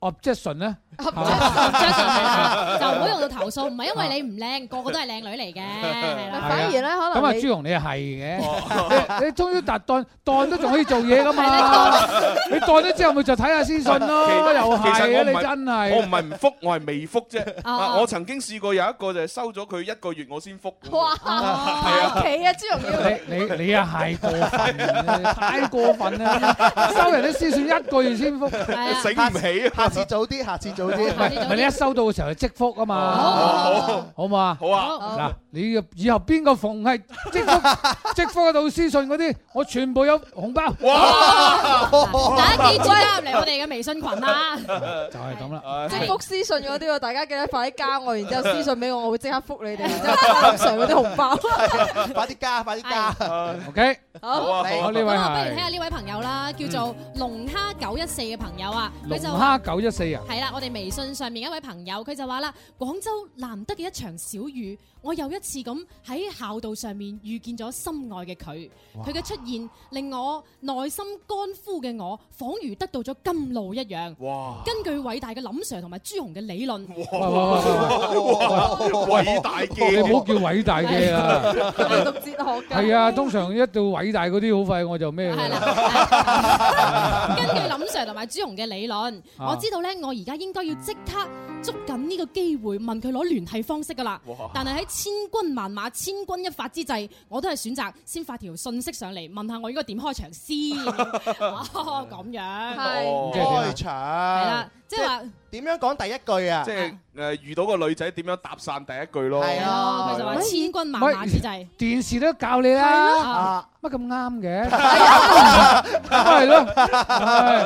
Speaker 4: 哦，即係信咧，
Speaker 7: 就唔會用到投訴，唔係因為你唔靚，個個都係靚女嚟
Speaker 4: 嘅，係啦。反而咧，可能咁啊，朱榮你係嘅，你終於達當，當都仲可以做嘢噶嘛？你當咗之後咪就睇下私信咯，又係啊，你真係。我唔係
Speaker 6: 唔復，我係未復啫。我曾經試過有一個就係收咗佢一個月我先復。
Speaker 3: 哇！係啊，企啊，朱榮，
Speaker 4: 你你你啊，太過分，太過分啦！收人啲私信一個月先復，醒唔起啊？次早啲，
Speaker 5: 下次早啲，唔係你一
Speaker 4: 收到嘅時候就即覆啊嘛，好，好，好唔好啊？好啊，嗱，你要以後邊個逢係即覆即覆嘅私信嗰啲，我全部有紅包。哇！大家即刻嚟我哋嘅微信羣啦，就係咁啦。即覆
Speaker 3: 私信嗰啲，大家記得快啲加我，然之後私信俾我，我會即刻覆你哋，然之
Speaker 4: 後
Speaker 5: 發翻上嗰啲紅包。快啲加，
Speaker 4: 快啲加。OK，好啊，好啊，呢位係。不如睇下
Speaker 7: 呢位朋友啦，叫做龍蝦九一四嘅朋友啊，龍蝦
Speaker 4: 九。一四啊，係
Speaker 7: 啦，我哋微信上面一位朋友，佢就話啦：廣州難得嘅一場小雨，我又一次咁喺校道上面遇見咗心愛嘅佢。佢嘅出現令我內心乾枯嘅我，仿如得到咗甘露一樣。哇！根據偉大嘅林 Sir 同埋朱紅嘅理論，
Speaker 4: 偉大嘅，你唔好叫偉大嘅啦。
Speaker 7: 係啊，
Speaker 4: 通常一到偉大啲，好快我就咩？係啦，
Speaker 7: 根據林 Sir 同埋朱紅嘅理論，我知。知道咧，我而家應該要即刻，捉緊呢個機會問佢攞聯繫方式噶啦，但係喺千軍萬馬、千鈞一髮之際，我都係選擇先發條信息上嚟問下我應該點開場
Speaker 5: 先。哦，咁樣，係開場，係啦，即係話點樣講第一句啊？即係
Speaker 6: 誒，遇到個女仔點樣搭訕第一句咯？係啊，佢就話千
Speaker 5: 軍萬馬之際，
Speaker 4: 電視都教你啦，
Speaker 5: 乜咁啱嘅？
Speaker 4: 咪係咯，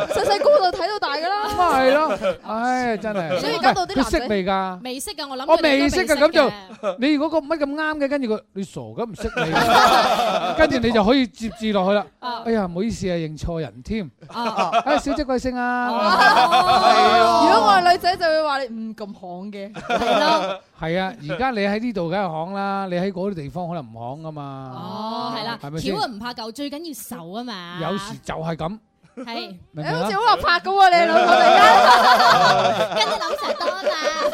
Speaker 4: 細
Speaker 3: 細個就睇到大噶啦，咪係咯，
Speaker 4: 唉，真係。佢識未㗎？未
Speaker 3: 識㗎，
Speaker 7: 我諗。我未識㗎，咁就
Speaker 4: 你如果個乜咁啱嘅，跟住佢，你傻嘅唔識你，跟住你就可以接住落去啦。哎呀，唔好意思啊，認錯人添。哎，小姐貴姓啊？如果我係
Speaker 3: 女仔，就會話你唔咁行嘅，係
Speaker 4: 咯。係啊，而家你喺呢度梗係行啦，你喺嗰啲地方可能唔行噶嘛。哦，係啦，橋啊唔
Speaker 7: 怕舊，最緊要受啊嘛。有時
Speaker 4: 就係咁。係是、啊，你好似好活
Speaker 3: 潑嘅喎，你諗我哋跟住諗成點啊？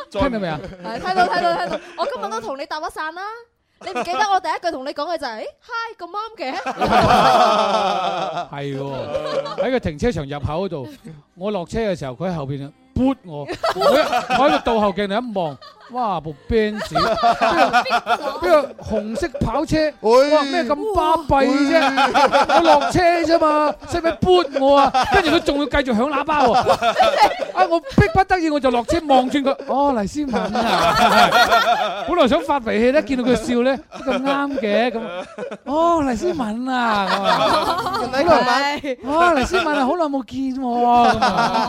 Speaker 4: 多聽到未啊？
Speaker 3: 係， 聽到聽到聽到，我今日都同你搭一散啦。 你唔記得我第一句同你講嘅就係、是哎、，Hi，咁啱嘅，
Speaker 4: 係 喎。 喺個停車場入口嗰度， 我落車嘅時候，佢喺後邊，撥我， 我喺度倒後鏡嚟一望。 哇！部 Benz，呢個紅色跑車？哇！咩咁巴閉啫？我落車啫嘛，使唔使潑我啊？跟住佢仲要繼續響喇叭喎。啊！我迫不得已我就落車望住佢。哦，黎思敏啊！本來想發脾氣咧，見到佢笑咧都咁啱嘅咁。哦，黎思敏啊！我睇佢，哦，黎思敏啊，好耐冇見喎。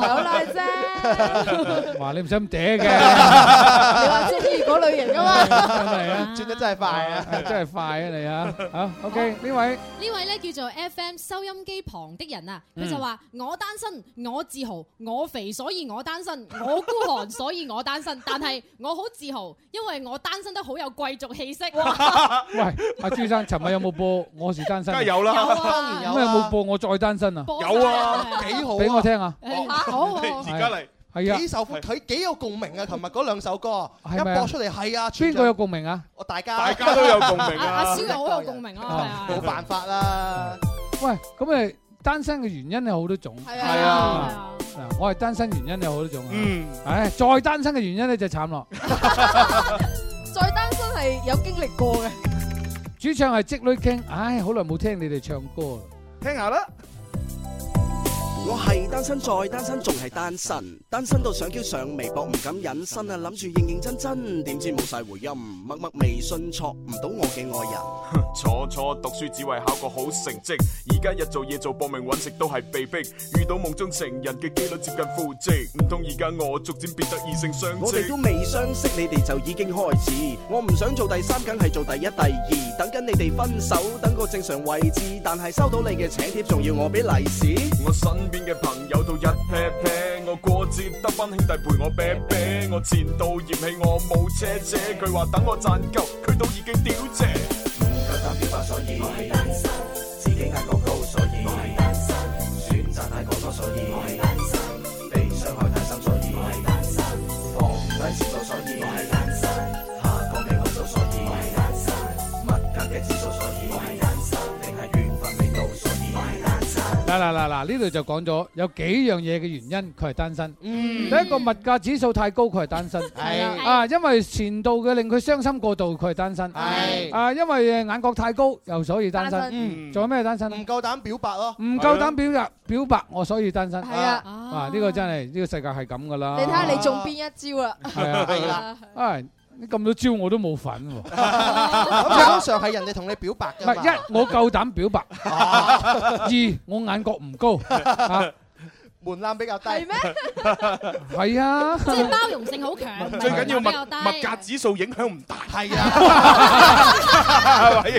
Speaker 4: 好耐啫。哇！你唔使咁嗲嘅。中意嗰類型噶嘛？係啊，轉得真係快啊，真係快啊你啊！好 OK，呢位呢位咧叫做 FM
Speaker 7: 收音機旁的人啊，佢就話我單身，我自豪，我肥所以我單身，我孤寒所以我單身，但係我好自豪，因為我單身得好有貴族氣息。
Speaker 4: 喂，阿朱生，尋日有冇播《我是單身》？梗係有啦，有當然有。有冇播《我再單身》啊？有
Speaker 5: 啊，幾好，俾我聽下。好，而家嚟。
Speaker 4: 係啊，呢首
Speaker 5: 佢幾有共鳴啊！琴日嗰兩首歌一播出嚟，係啊，邊個有
Speaker 4: 共鳴啊？
Speaker 5: 我大家大家都有共鳴啊！阿詩好有共鳴啊！冇辦法啦。
Speaker 4: 喂，咁誒單身嘅原因有好多種，係啊，嗱，我係單身原因有好多種啊。嗯，唉，再單身嘅原因咧就慘咯。
Speaker 3: 再單身係有經歷過嘅。
Speaker 4: 主唱係積女傾，唉，好耐冇聽你哋唱歌啦，
Speaker 2: 聽
Speaker 5: 下啦。我係單身，再單身仲係單身，單身到想叫上微博唔敢隱身啊！諗住認認真真，點知冇晒回音，默默微信錯唔到我嘅愛人。
Speaker 6: 初初讀書只為考個好成績，而家日做夜做搏命揾食都係被逼，遇到夢中情人嘅幾率接近負值，唔通而家
Speaker 5: 我逐漸變得異性相。我哋都未相識，你哋就已經開始。我唔想做第三，梗係做第一、第二。等緊你哋分手，等個正常位置。但係收到你嘅請
Speaker 6: 帖，仲要我俾利是？我身邊。嘅朋友都一 pair pair 我過節得翻兄弟陪我啤啤，我前度嫌棄我冇車車，佢話等我賺夠，佢都已經屌謝，唔夠膽表白，所以我係
Speaker 2: 單身，自己眼角高，所以我係單身，選擇太過多，所以我係
Speaker 4: 嗱嗱嗱嗱，呢度就講咗有幾樣嘢，嘅原因，佢係單身。第一個物價指數太高，佢係單身。係啊，啊，因為前度嘅令佢傷心過度，佢係單身。係啊，因為誒眼角太高，又所以單身。嗯，仲有咩單身？唔夠膽表白咯，唔夠膽表白表白，我所以單身。係啊，啊，呢個真係呢個世界係咁噶啦。你睇下你中邊
Speaker 5: 一招啊。係啦，
Speaker 4: 啊。你咁多招我都冇份，
Speaker 5: 通常係人哋同你表白
Speaker 4: 嘅。唔係一我夠膽表白，二我眼角唔高，
Speaker 5: 門檻比較低。係咩？
Speaker 6: 係啊，即係包
Speaker 5: 容性好強，最緊要物物價
Speaker 6: 指數影響唔大。係啊，完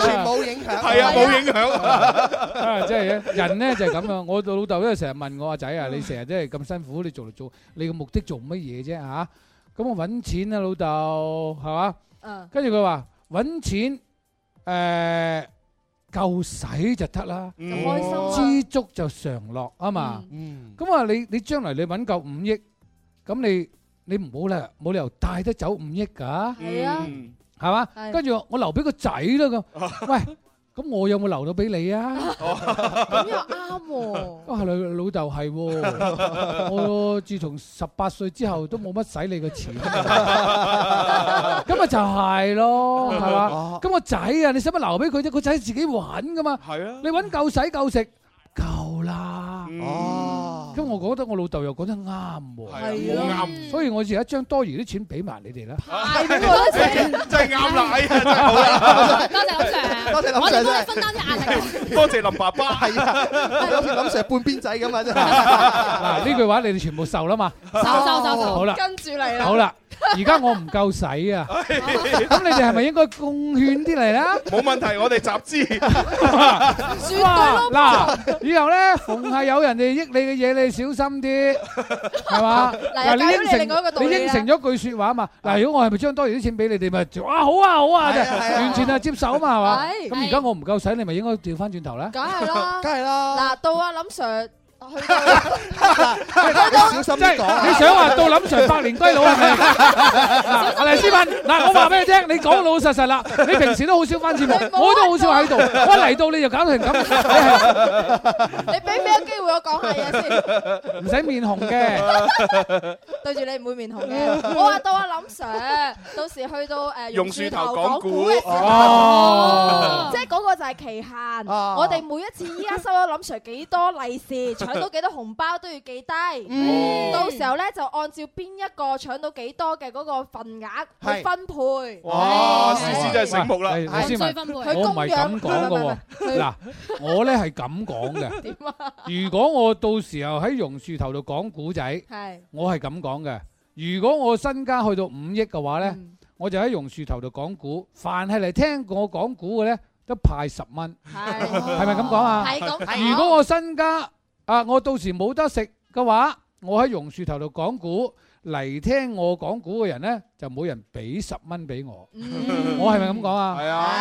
Speaker 6: 全冇影響。係啊，冇影響。
Speaker 4: 啊，即係咧，人咧就係咁樣。我老豆咧成日問我阿仔啊，你成日即係咁辛苦，你做嚟做，你嘅目的做乜嘢啫？吓？咁我搵錢啊，老豆，係嘛？嗯，跟住佢話搵錢，誒，夠使就得啦，嗯，開心啊，知足就常樂啊嘛，嗯，咁啊你你將來你搵夠五億，咁你你冇咧冇理由帶得走五億噶，係啊，係嘛？跟住我留俾個仔啦咁，喂。咁我有冇留到俾你啊？咁又啱喎。啊，老豆係喎。我自從十八歲之後都冇乜使你嘅錢。咁咪就係咯，係嘛？咁個仔啊， 你使乜留俾佢啫？個仔自己玩噶嘛。係、嗯、啊。你揾夠使夠食，夠啦。哦。因咁我覺得我老豆又講得啱喎，啱，所以我而家將多餘啲錢俾埋你哋啦。太唔該曬，真
Speaker 8: 係
Speaker 5: 啱曬，
Speaker 4: 多謝林 Sir，多謝林 Sir，多謝林爸爸，係啊，好似林 Sir 半邊仔咁啊，真係。呢句話你哋全部受啦嘛？收收收好啦，跟
Speaker 8: 住嚟啦，好啦。而
Speaker 4: 家我唔夠使啊！咁你哋係咪應該貢獻啲嚟咧？冇問題，我哋集資。哇！嗱，以後咧，逢係有人哋益你嘅嘢，你小心啲，係嘛？嗱，你應承，你應承咗句說話嘛？嗱，如果我係咪將多餘啲錢俾你哋，咪哇好啊好啊，完全係接受啊嘛，係嘛？咁而家我唔夠使，你咪應該掉翻轉頭咧？梗係啦，
Speaker 3: 梗係啦。嗱，到阿林 Sir。
Speaker 4: 小心講，你想話到林 Sir 百年歸老係咪啊？
Speaker 9: 嗱，阿黎師傅，嗱，我話
Speaker 4: 俾你聽，你講老實實啦。你平時都好少翻節目，我都好少喺度，一嚟到你就搞成咁。
Speaker 3: 你俾俾個機會我講下嘢
Speaker 4: 先？唔使面紅嘅，
Speaker 3: 對住你唔會面紅嘅。我話到阿林 Sir，到時去到誒榕樹頭講古哦，即係嗰個就係期限。我哋每一次依家收咗林 Sir 幾多利是。搶到幾多紅包都要記低，到時候咧就按照邊一個搶到幾多嘅嗰個份額去分配。哇，老師
Speaker 4: 真係醒目啦，老師問，我唔係咁講嘅。嗱，我咧係咁講嘅。點啊？如果我到時候喺榕樹頭度講古仔，我係咁講嘅。如果我身家去到五億嘅話咧，我就喺榕樹頭度講古。凡係嚟聽我講古嘅咧，都派十蚊。係咪咁講啊？如果我身家啊！我到時冇得食嘅話，我喺榕樹頭度講古，嚟聽我講古嘅人咧，就冇人俾十蚊俾我。我係咪咁講啊？係啊！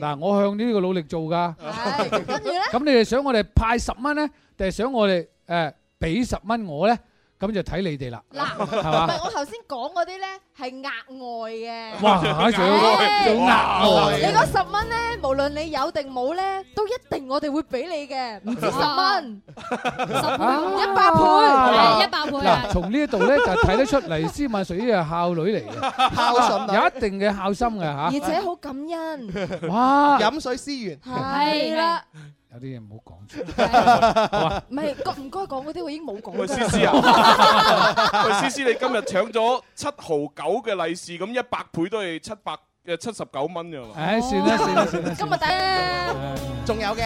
Speaker 4: 嗱，我向呢個努力做噶。咁你哋想我哋派十蚊咧，定係想我哋誒俾十蚊我咧？咁就睇你哋啦，嗱，唔係我頭
Speaker 3: 先講嗰啲咧係額外嘅。哇，仲有額外？你嗰十蚊咧，無論你有定冇咧，都一定我哋會俾你嘅，唔止十蚊，十倍、一百倍、一百倍。
Speaker 4: 從呢一度咧就睇得出嚟，思敏屬於係孝女嚟嘅，孝順，有一定嘅孝心嘅嚇。而且
Speaker 5: 好感恩。哇！飲水思源，係啦。
Speaker 4: 有啲嘢唔好講出，
Speaker 6: 唔
Speaker 3: 係，唔該講嗰啲，我已經冇講。喂，思思啊！喂，思思，
Speaker 6: 你今日搶咗七毫九嘅利是，咁一百倍都係七百誒七十九蚊噶啦。唉，算
Speaker 4: 啦算啦算啦！
Speaker 3: 今日第一仲有嘅。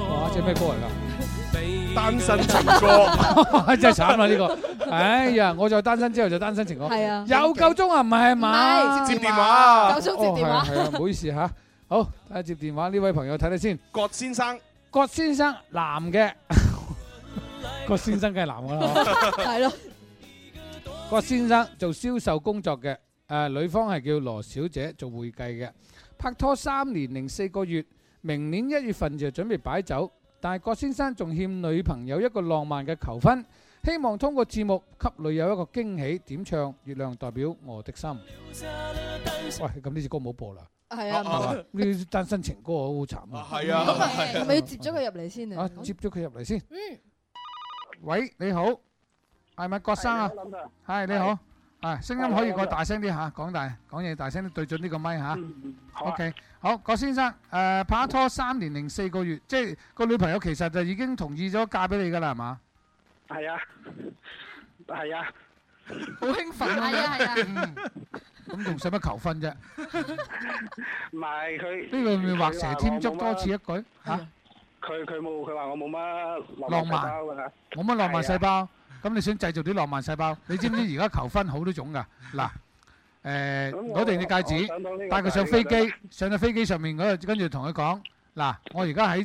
Speaker 4: 哇，係咩歌嚟噶？單身情歌，真係慘啊！呢個，哎呀，我在單身之後就單身情歌。係啊，有夠鐘啊？唔係啊咪？係接電話啊？夠鐘接電話，唔好意思吓。好，睇下接電話呢位朋友睇睇先，郭先生，郭先生男嘅，郭先生梗係男噶啦，係咯，郭先生做銷售工作嘅，誒，女方係叫羅小姐做會計嘅，拍拖三年零四個月，明年一月份就準備擺酒，但係郭先生仲欠女朋友一個浪漫嘅求婚。希望通過節目給女友一個驚喜。點唱《月亮代表我的心》。喂，咁呢支歌冇播啦。係啊，唔好啦，啲單身情歌好慘。係啊，係咪要接咗佢入嚟先啊？接咗佢入嚟先。嗯。喂，你好，係咪郭生啊？係，你好，啊，聲音可以再大聲啲吓，講大，講嘢大聲啲，對準呢個麥吓。O K，好，郭先生，誒，拍拖三年零四個月，即係個女朋友其實就已經同意咗嫁俾你噶啦，係嘛？
Speaker 10: 係啊，係啊，好興奮啊！
Speaker 4: 咁仲使乜求婚啫？
Speaker 10: 唔係佢呢個咪畫蛇添足多此一舉吓？佢佢冇佢話我冇乜浪漫細胞嘅吓，冇乜浪漫細
Speaker 4: 胞。咁你想製造啲浪漫細胞？你知唔知而家求婚好多種噶？嗱，誒，攞定啲戒指，帶佢上飛機，上咗飛機上面嗰度，跟住同佢講：嗱，我而家喺。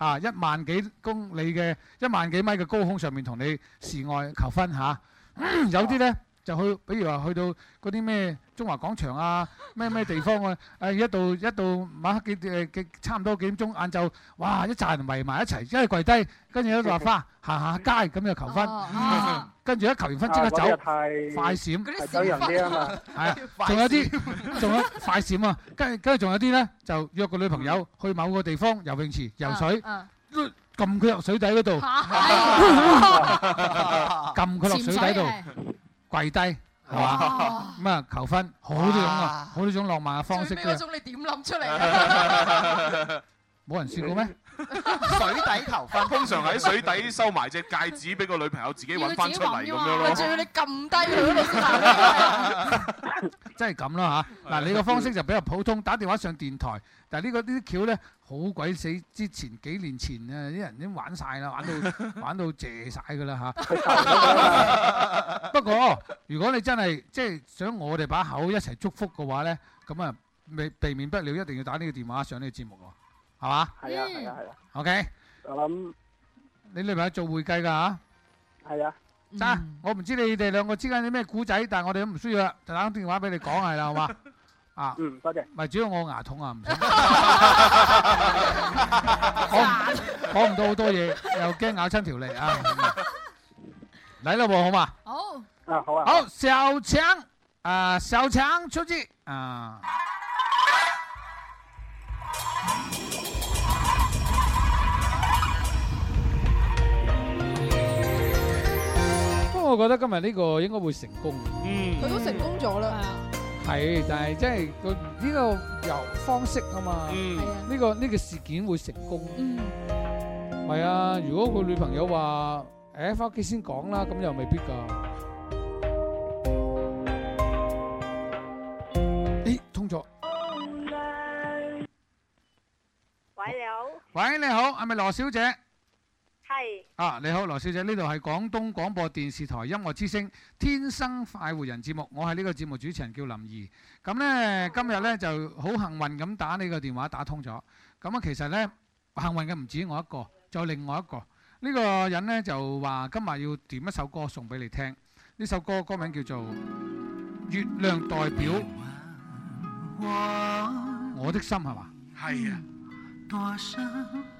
Speaker 4: 啊！一萬幾公里嘅一萬幾米嘅高空上面同你示愛求婚嚇、啊嗯，有啲咧。就去，比如話去到嗰啲咩中華廣場啊，咩咩地方啊，誒一到一到晚黑幾誒幾差唔多幾點鐘晏晝，哇！一扎人圍埋一齊，一係跪低，跟住咧就話翻行下街咁就求婚，跟住一求完婚即刻走，快閃，走人啲啊嘛，係啊，仲有啲仲有快閃啊，跟住跟住仲有啲咧就約個女朋友去某個地方游泳池游水，撳佢落水底嗰度，撳佢落水底度。跪低，係嘛？咁啊，求婚好多種啊，好多種浪漫嘅方式。最屘嗰種你
Speaker 3: 點諗出嚟？
Speaker 4: 冇人說過咩？
Speaker 5: 水底求
Speaker 6: 婚，通常喺水底收埋隻戒指俾個女朋友自己搵翻出嚟咁樣咯。仲要你
Speaker 5: 撳低佢，
Speaker 4: 真係咁啦吓。嗱，你個方式就比較普通，打電話上電台。但係呢個呢啲橋咧，好鬼死！之前幾年前啊，啲人已經玩曬啦，玩到玩到謝曬㗎啦嚇。不過如果你真係即係想我哋把口一齊祝福嘅話咧，咁啊未避免不了一定要打呢個電話上呢個節目喎，係嘛？係啊係啊係啊，OK。我諗你女朋友做會計㗎嚇？係啊，嗱我唔知你哋兩個之間啲咩故仔，但係我哋都唔需要啦，就打個電話俾你講係啦，好嘛？啊，嗯，多謝。唔係主要我牙痛啊，唔想講，講唔到好多嘢，又驚咬親條脷啊。嚟啦，我好嘛？
Speaker 8: 好，
Speaker 4: 啊好啊。好，小強啊，小強出去啊。不過我覺得今日呢個應該會成功。嗯，佢都
Speaker 3: 成功咗啦。
Speaker 4: 係，但係即係個呢個由方式啊嘛，呢個呢個事件會成功，係啊。如果佢女朋友話，誒翻屋企先講啦，咁又未必噶。誒通咗？
Speaker 8: 喂
Speaker 4: 你好，喂你好，係咪羅小姐？係 Hi. 啊，你好，羅小姐，呢度係廣東廣播電視台音樂之聲《天生快活人》節目，我係呢個節目主持人叫林儀。咁呢，oh. 今日呢就好幸運咁打呢個電話打通咗。咁啊，其實呢，幸運嘅唔止我一個，就另外一個呢、這個人呢，就話今日要點一首歌送俾你聽。呢首歌歌名叫做《月亮代表我的心》，係嘛？係啊。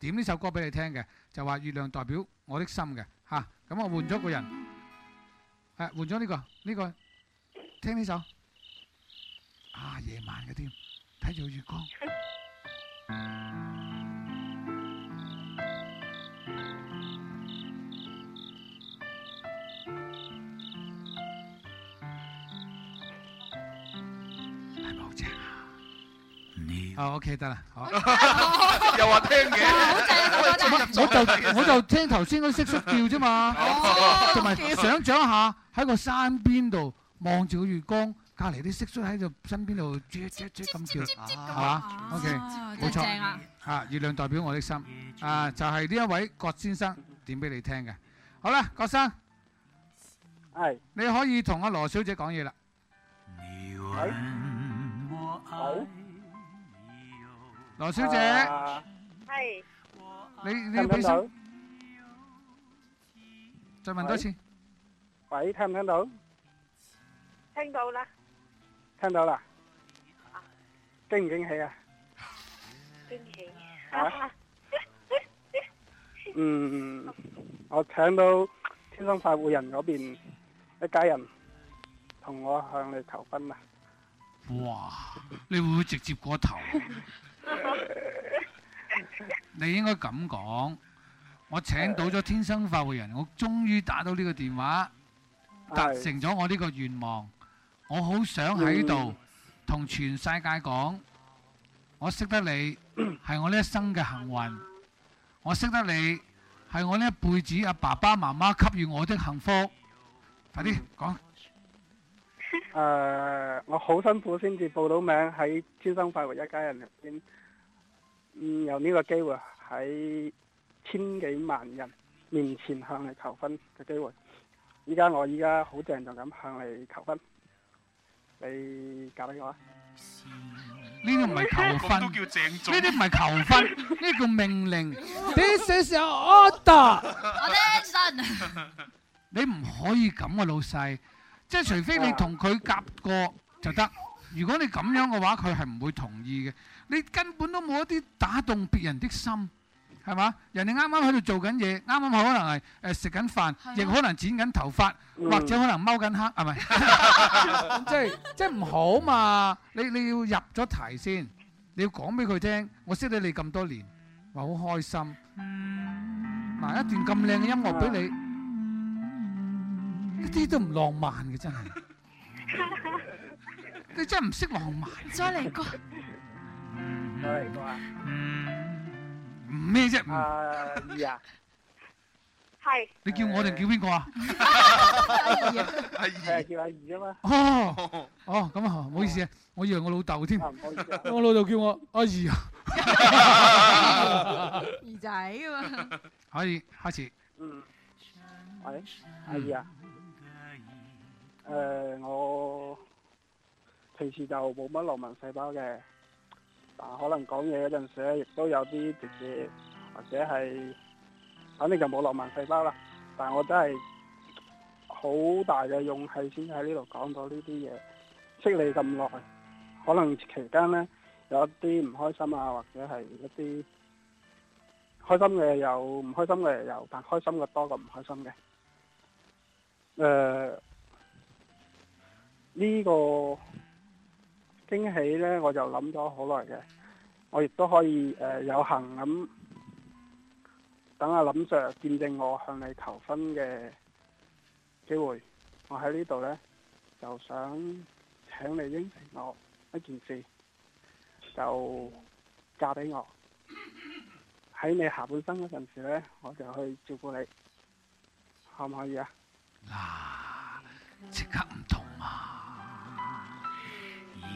Speaker 4: 點呢首歌俾你聽嘅，就話月亮代表我的心嘅，嚇、啊、咁我換咗個人，誒、啊、換咗呢、呢個呢、呢個，聽呢首，啊夜晚嘅添，睇住月光。 啊 OK 得啦，好又話聽
Speaker 8: 嘅，我就我就聽頭
Speaker 4: 先嗰啲蟋蟀叫啫嘛，同埋想像一下喺個山邊度望住個月光，隔離啲蟋蟀喺度身邊度唧唧唧咁叫，係嘛？OK 冇錯，啊月亮代表我的心，啊就係呢一位郭先生點俾你聽嘅，好啦，郭生，係你可以同阿羅小姐講嘢啦。羅小姐，
Speaker 8: 係，
Speaker 4: 你你聽唔聽到？再問多次，
Speaker 10: 喂，聽唔聽到？
Speaker 2: 聽到啦，
Speaker 10: 聽到啦，驚唔驚喜啊？
Speaker 2: 驚喜，吓？
Speaker 10: 嗯，我請到天生快活人嗰邊一家人，同我向你求婚啊！哇，你
Speaker 4: 會唔會直接過頭？ 你應該咁講，我請到咗天生快活人，我終於打到呢個電話，達成咗我呢個願望。我好想喺度同全世界講，我識得你係我呢一生嘅幸運，我識得你係我呢一輩子阿爸爸媽媽給予我的幸福。 快啲講，誒，uh, 我
Speaker 10: 好辛苦先至報到名喺天生快活一家人入邊。嗯，有呢個機會喺千幾萬人面前向你求婚嘅機會，依家我依家好正就咁向你求婚，你嫁俾我啊！
Speaker 4: 呢個唔係求婚，呢啲唔係求婚，呢 叫命令。 This is an order。
Speaker 3: 我聽信
Speaker 4: 你唔可以咁啊，老細，即係除非你同佢夾過就得。如果你咁樣嘅話，佢係唔會同意嘅。你根本都冇一啲打動別人的心，係嘛？人哋啱啱喺度做緊嘢，啱啱可能係誒食緊飯，亦可能剪緊頭髮，或者可能踎緊黑，係咪？即係即係唔好嘛！你你要入咗題先，你要講俾佢聽。我識得你咁多年，話好開心。嗱，一段咁靚嘅音樂俾你，一啲都唔浪漫嘅真係。你真係唔識浪漫。再嚟過。我嚟過啊，唔唔咩啫，阿二啊，
Speaker 10: 係，
Speaker 4: 你叫我定叫邊個啊？阿
Speaker 10: 二，係叫
Speaker 4: 阿二啊嘛。哦哦，咁啊，唔好意思啊，我以為我老豆添，我老豆叫我阿二啊。二
Speaker 3: 仔啊嘛，
Speaker 4: 可以開始。嗯，阿二，阿
Speaker 10: 二啊，誒，我平時就冇乜浪漫細胞嘅。可能講嘢嗰陣時咧，亦都有啲直接，或者係，反正就冇浪漫細胞啦。但係我真係好大嘅勇氣先喺呢度講到呢啲嘢。識你咁耐，可能期間咧有一啲唔開心啊，或者係一啲開心嘅又唔開心嘅又，但係開心嘅多過唔開心嘅。誒、呃，呢、這個。驚喜咧，我就諗咗好耐嘅。我亦都可以誒有幸咁等阿林 Sir 見證我向你求婚嘅機會，我喺呢度咧就想請你應承我一件事，就嫁俾我，喺你下半生嗰陣時咧，我就去照顧你，可唔可以啊？
Speaker 4: 嗱，即刻唔同。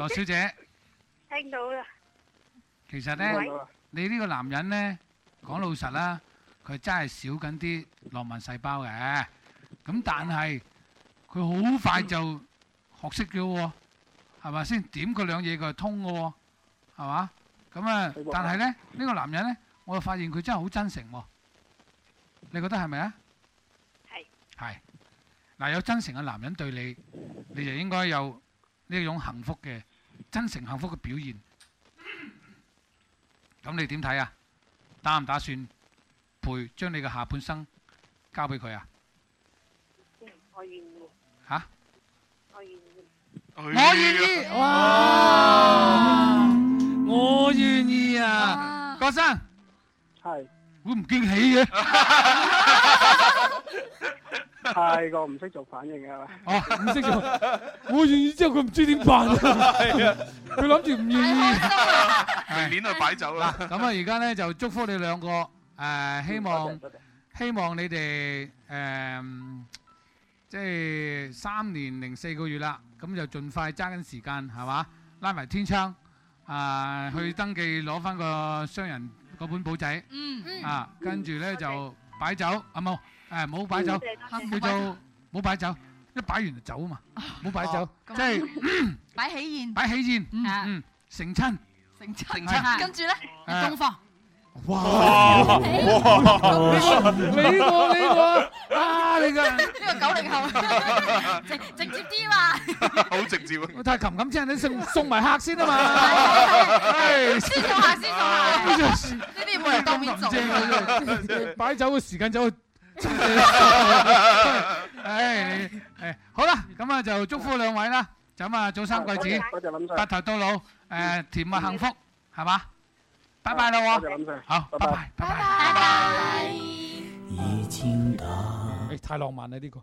Speaker 4: 羅小姐，聽
Speaker 10: 到啦。
Speaker 4: 其實咧，你呢個男人咧，講老實啦，佢真係少緊啲浪漫細胞嘅。咁但係，佢好快就學識咗，係咪？先點佢兩嘢，佢係通嘅，係嘛。咁啊，但係咧，呢個男人咧，我又發現佢真係好真誠喎。你覺得係咪啊？
Speaker 8: 係。
Speaker 4: 係。嗱，有真誠嘅男人對你，你就應該有呢種幸福嘅。真誠幸福嘅表現，咁你點睇啊？打唔打算陪將你嘅下半生交俾佢啊？我
Speaker 8: 願
Speaker 4: 意。嚇？我願意。我願意哇。我願意啊！郭生。係。會唔驚喜嘅？
Speaker 10: 太過
Speaker 4: 唔識做反應嘅係咪？哦，唔識做，我願意之後佢唔知點辦啊！係啊，佢諗住唔願意，明年都擺酒啦。嗱，咁啊，而家咧就祝福你兩個誒，希望希望你哋誒，即係三年零四個月啦，咁就盡快揸緊時間，係嘛？拉埋天窗誒，去登記攞翻個雙人嗰本簿仔。嗯嗯，啊，跟住咧就擺酒，好冇？誒冇擺酒，叫做冇擺酒，一擺完就走啊嘛！冇擺酒，即係
Speaker 3: 擺喜宴，擺喜宴，嗯，
Speaker 4: 成親，成親，跟住咧，東方，哇！你個你個你個啊！你個呢個九零後，直直接啲嘛？好直接啊！太禽咁即係你送送埋客先啊嘛？係先送下
Speaker 3: 先送下，呢啲冇人當面做，
Speaker 4: 擺酒嘅時間走去。哎，誒，好啦，咁啊就祝福兩位啦，就咁啊早生貴子，白頭到老，誒，甜蜜幸福，係嘛？拜拜囉，好，拜拜，
Speaker 3: 拜拜，
Speaker 4: 拜拜。太浪漫啦呢
Speaker 1: 個。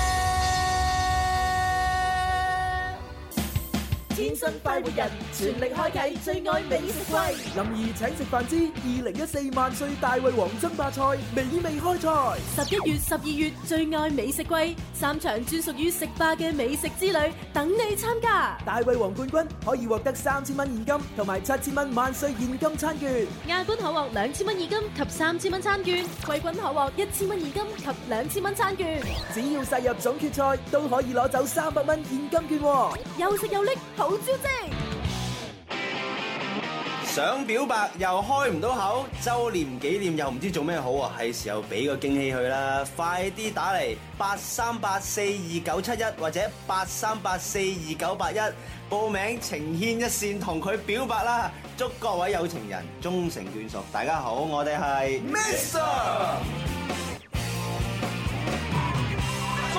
Speaker 2: 天生快活人全力開啟最愛美食季，林怡請食飯之二零一四萬歲大胃王爭霸賽，美味開賽。十一月、十二月最愛美食季，三場專屬於食霸嘅美食之旅，等你參加。大胃王冠軍可以獲得三千蚊現金同埋七千蚊萬歲現金餐券，亞軍可獲兩千蚊現金及三千蚊餐券，季軍可獲一千蚊現金及兩千蚊餐券。只要殺入總決賽，都可以攞走三百蚊現金券。又食又叻。好招式！
Speaker 5: 想表白又開唔到口，周年紀念又唔知做咩好啊！係時候俾個驚喜佢啦，快啲打嚟，八三八四二九七一或者八三八四二九八一報名情牽一線同佢表白啦！祝各位有情人終成眷屬！大家好，我哋係 Mr。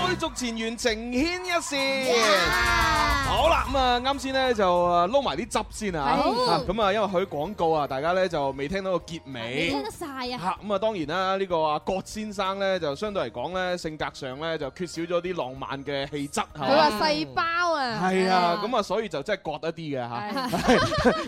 Speaker 5: 開續前緣，情牽
Speaker 6: 一線。好啦，咁啊，啱先咧就撈埋啲汁先啊。好。咁啊，因為佢廣告啊，大家咧就未聽到個結尾。你聽得晒啊？吓，咁啊，當然啦，呢個啊郭先生咧就相對嚟講咧，性格上咧就缺少咗啲浪漫嘅氣質。佢話細
Speaker 3: 胞啊。係啊，
Speaker 6: 咁啊，所以就真係割一啲嘅吓。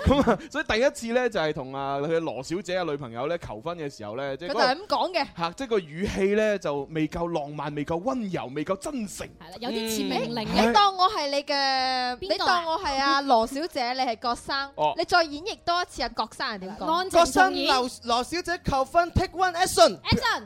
Speaker 6: 咁啊，所以第一次咧就係同啊佢羅小姐啊女朋友咧求婚嘅時候咧，即係佢就係咁講嘅。吓，即係個語氣咧就未夠浪漫，未夠溫柔，未。夠真誠係啦，有啲似命令。
Speaker 3: 你當我係你嘅，啊、你當我係阿羅小姐，你係郭生，哦、你再演繹多一次阿郭生係點講？郭生留
Speaker 5: 羅小姐求婚，take one action。action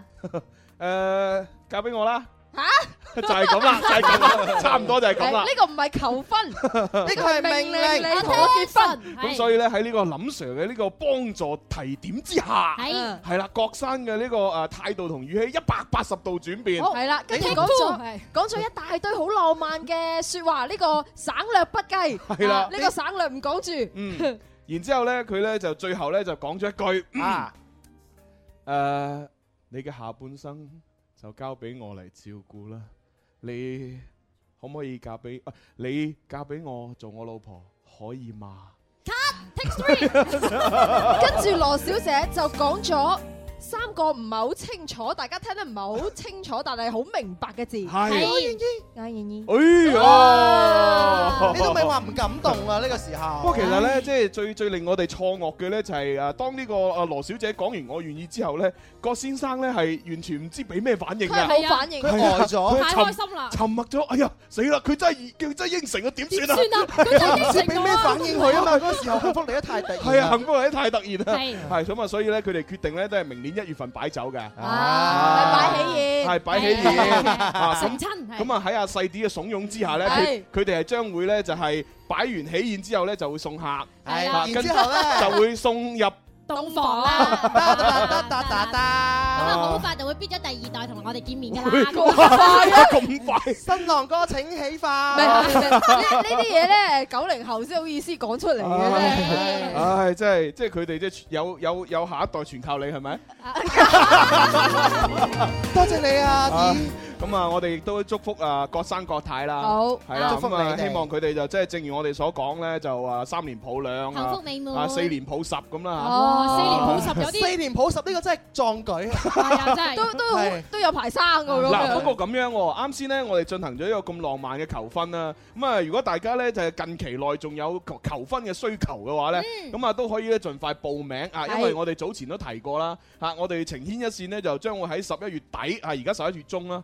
Speaker 6: 誒，交俾我啦。吓就係咁啦，就係咁啦，差唔多就係咁啦。呢
Speaker 3: 個唔係求婚，呢個係命令你同我結婚。咁所以
Speaker 6: 咧喺呢個林 Sir 嘅呢個幫助提點之下，係係啦，郭生嘅呢個誒態度同語氣一百八十度轉變。好係啦，跟住講
Speaker 3: 咗講咗一大堆好浪漫嘅說話，呢個省略不計。係啦，呢個省
Speaker 6: 略唔講住。嗯，然之後咧佢咧就最後咧就講咗一句，啊，誒，你嘅下半生。就交俾我嚟照顧啦！你可唔可以嫁俾、啊？你嫁俾我做我老婆可以嘛？Cut take
Speaker 8: three，
Speaker 6: 跟住
Speaker 3: 羅小姐就講咗，三個唔係好清楚，大家聽得唔係好清楚，但係好明白嘅字。係，我願意，
Speaker 6: 我願意。哎呀，你都咪話唔
Speaker 5: 感動啊呢個時候。不過其實咧，
Speaker 6: 即係最最令我哋錯愕嘅咧，就係啊，當呢個啊羅小姐講完我願意之後咧，郭先生咧係完全唔知俾咩反應。佢冇反應，佢呆咗，太開心啦，沉默咗。哎呀，死啦！佢真係叫真係應承啊，點算啊？算啦，咁究竟俾咩反應佢啊嘛？嗰時候幸福嚟得太突然。係啊，幸福嚟得太突然啦。係，咁啊，所以咧，佢哋決定咧都係明一月份擺酒
Speaker 2: 嘅，係擺喜宴，係擺喜宴，成親
Speaker 6: 咁啊喺阿細啲嘅慫恿之下咧，佢佢哋係將會咧就係擺完喜宴之後咧就會送客，係啊，客之後咧 就，就會送入。
Speaker 7: 洞房啦！
Speaker 6: 咁啊，好、 啊、快
Speaker 3: 就會變咗第二代同我哋見面
Speaker 6: 噶啦！
Speaker 3: 咁快，新郎哥請起飯。 呢啲嘢咧，九零後先好意思講出嚟嘅。唉、哎
Speaker 6: 哎哎，即係，即係佢哋即係有有有下一代全靠你，係咪？
Speaker 5: 多謝你啊！啊
Speaker 6: 咁啊，我哋亦都祝福啊，各生各太啦，好，係啦，祝福你，希望佢哋就即係，正如我哋所講咧，就啊，三年抱兩，幸福美滿，啊，四年抱十咁啦，哇，四年抱
Speaker 5: 十，有啲四年抱十呢個真係壯舉，係啊，真係，都都都有排生噶咁樣嗱，不
Speaker 6: 過咁樣喎，啱先咧，我哋進行咗一個咁浪漫嘅求婚啦。咁啊，如果大家咧就係近期內仲有求求婚嘅需求嘅話咧，咁啊都可以咧盡快報名啊，因為我哋早前都提過啦，嚇，我哋情牽一線呢，就將會喺十一月底，係而家十一月中啦。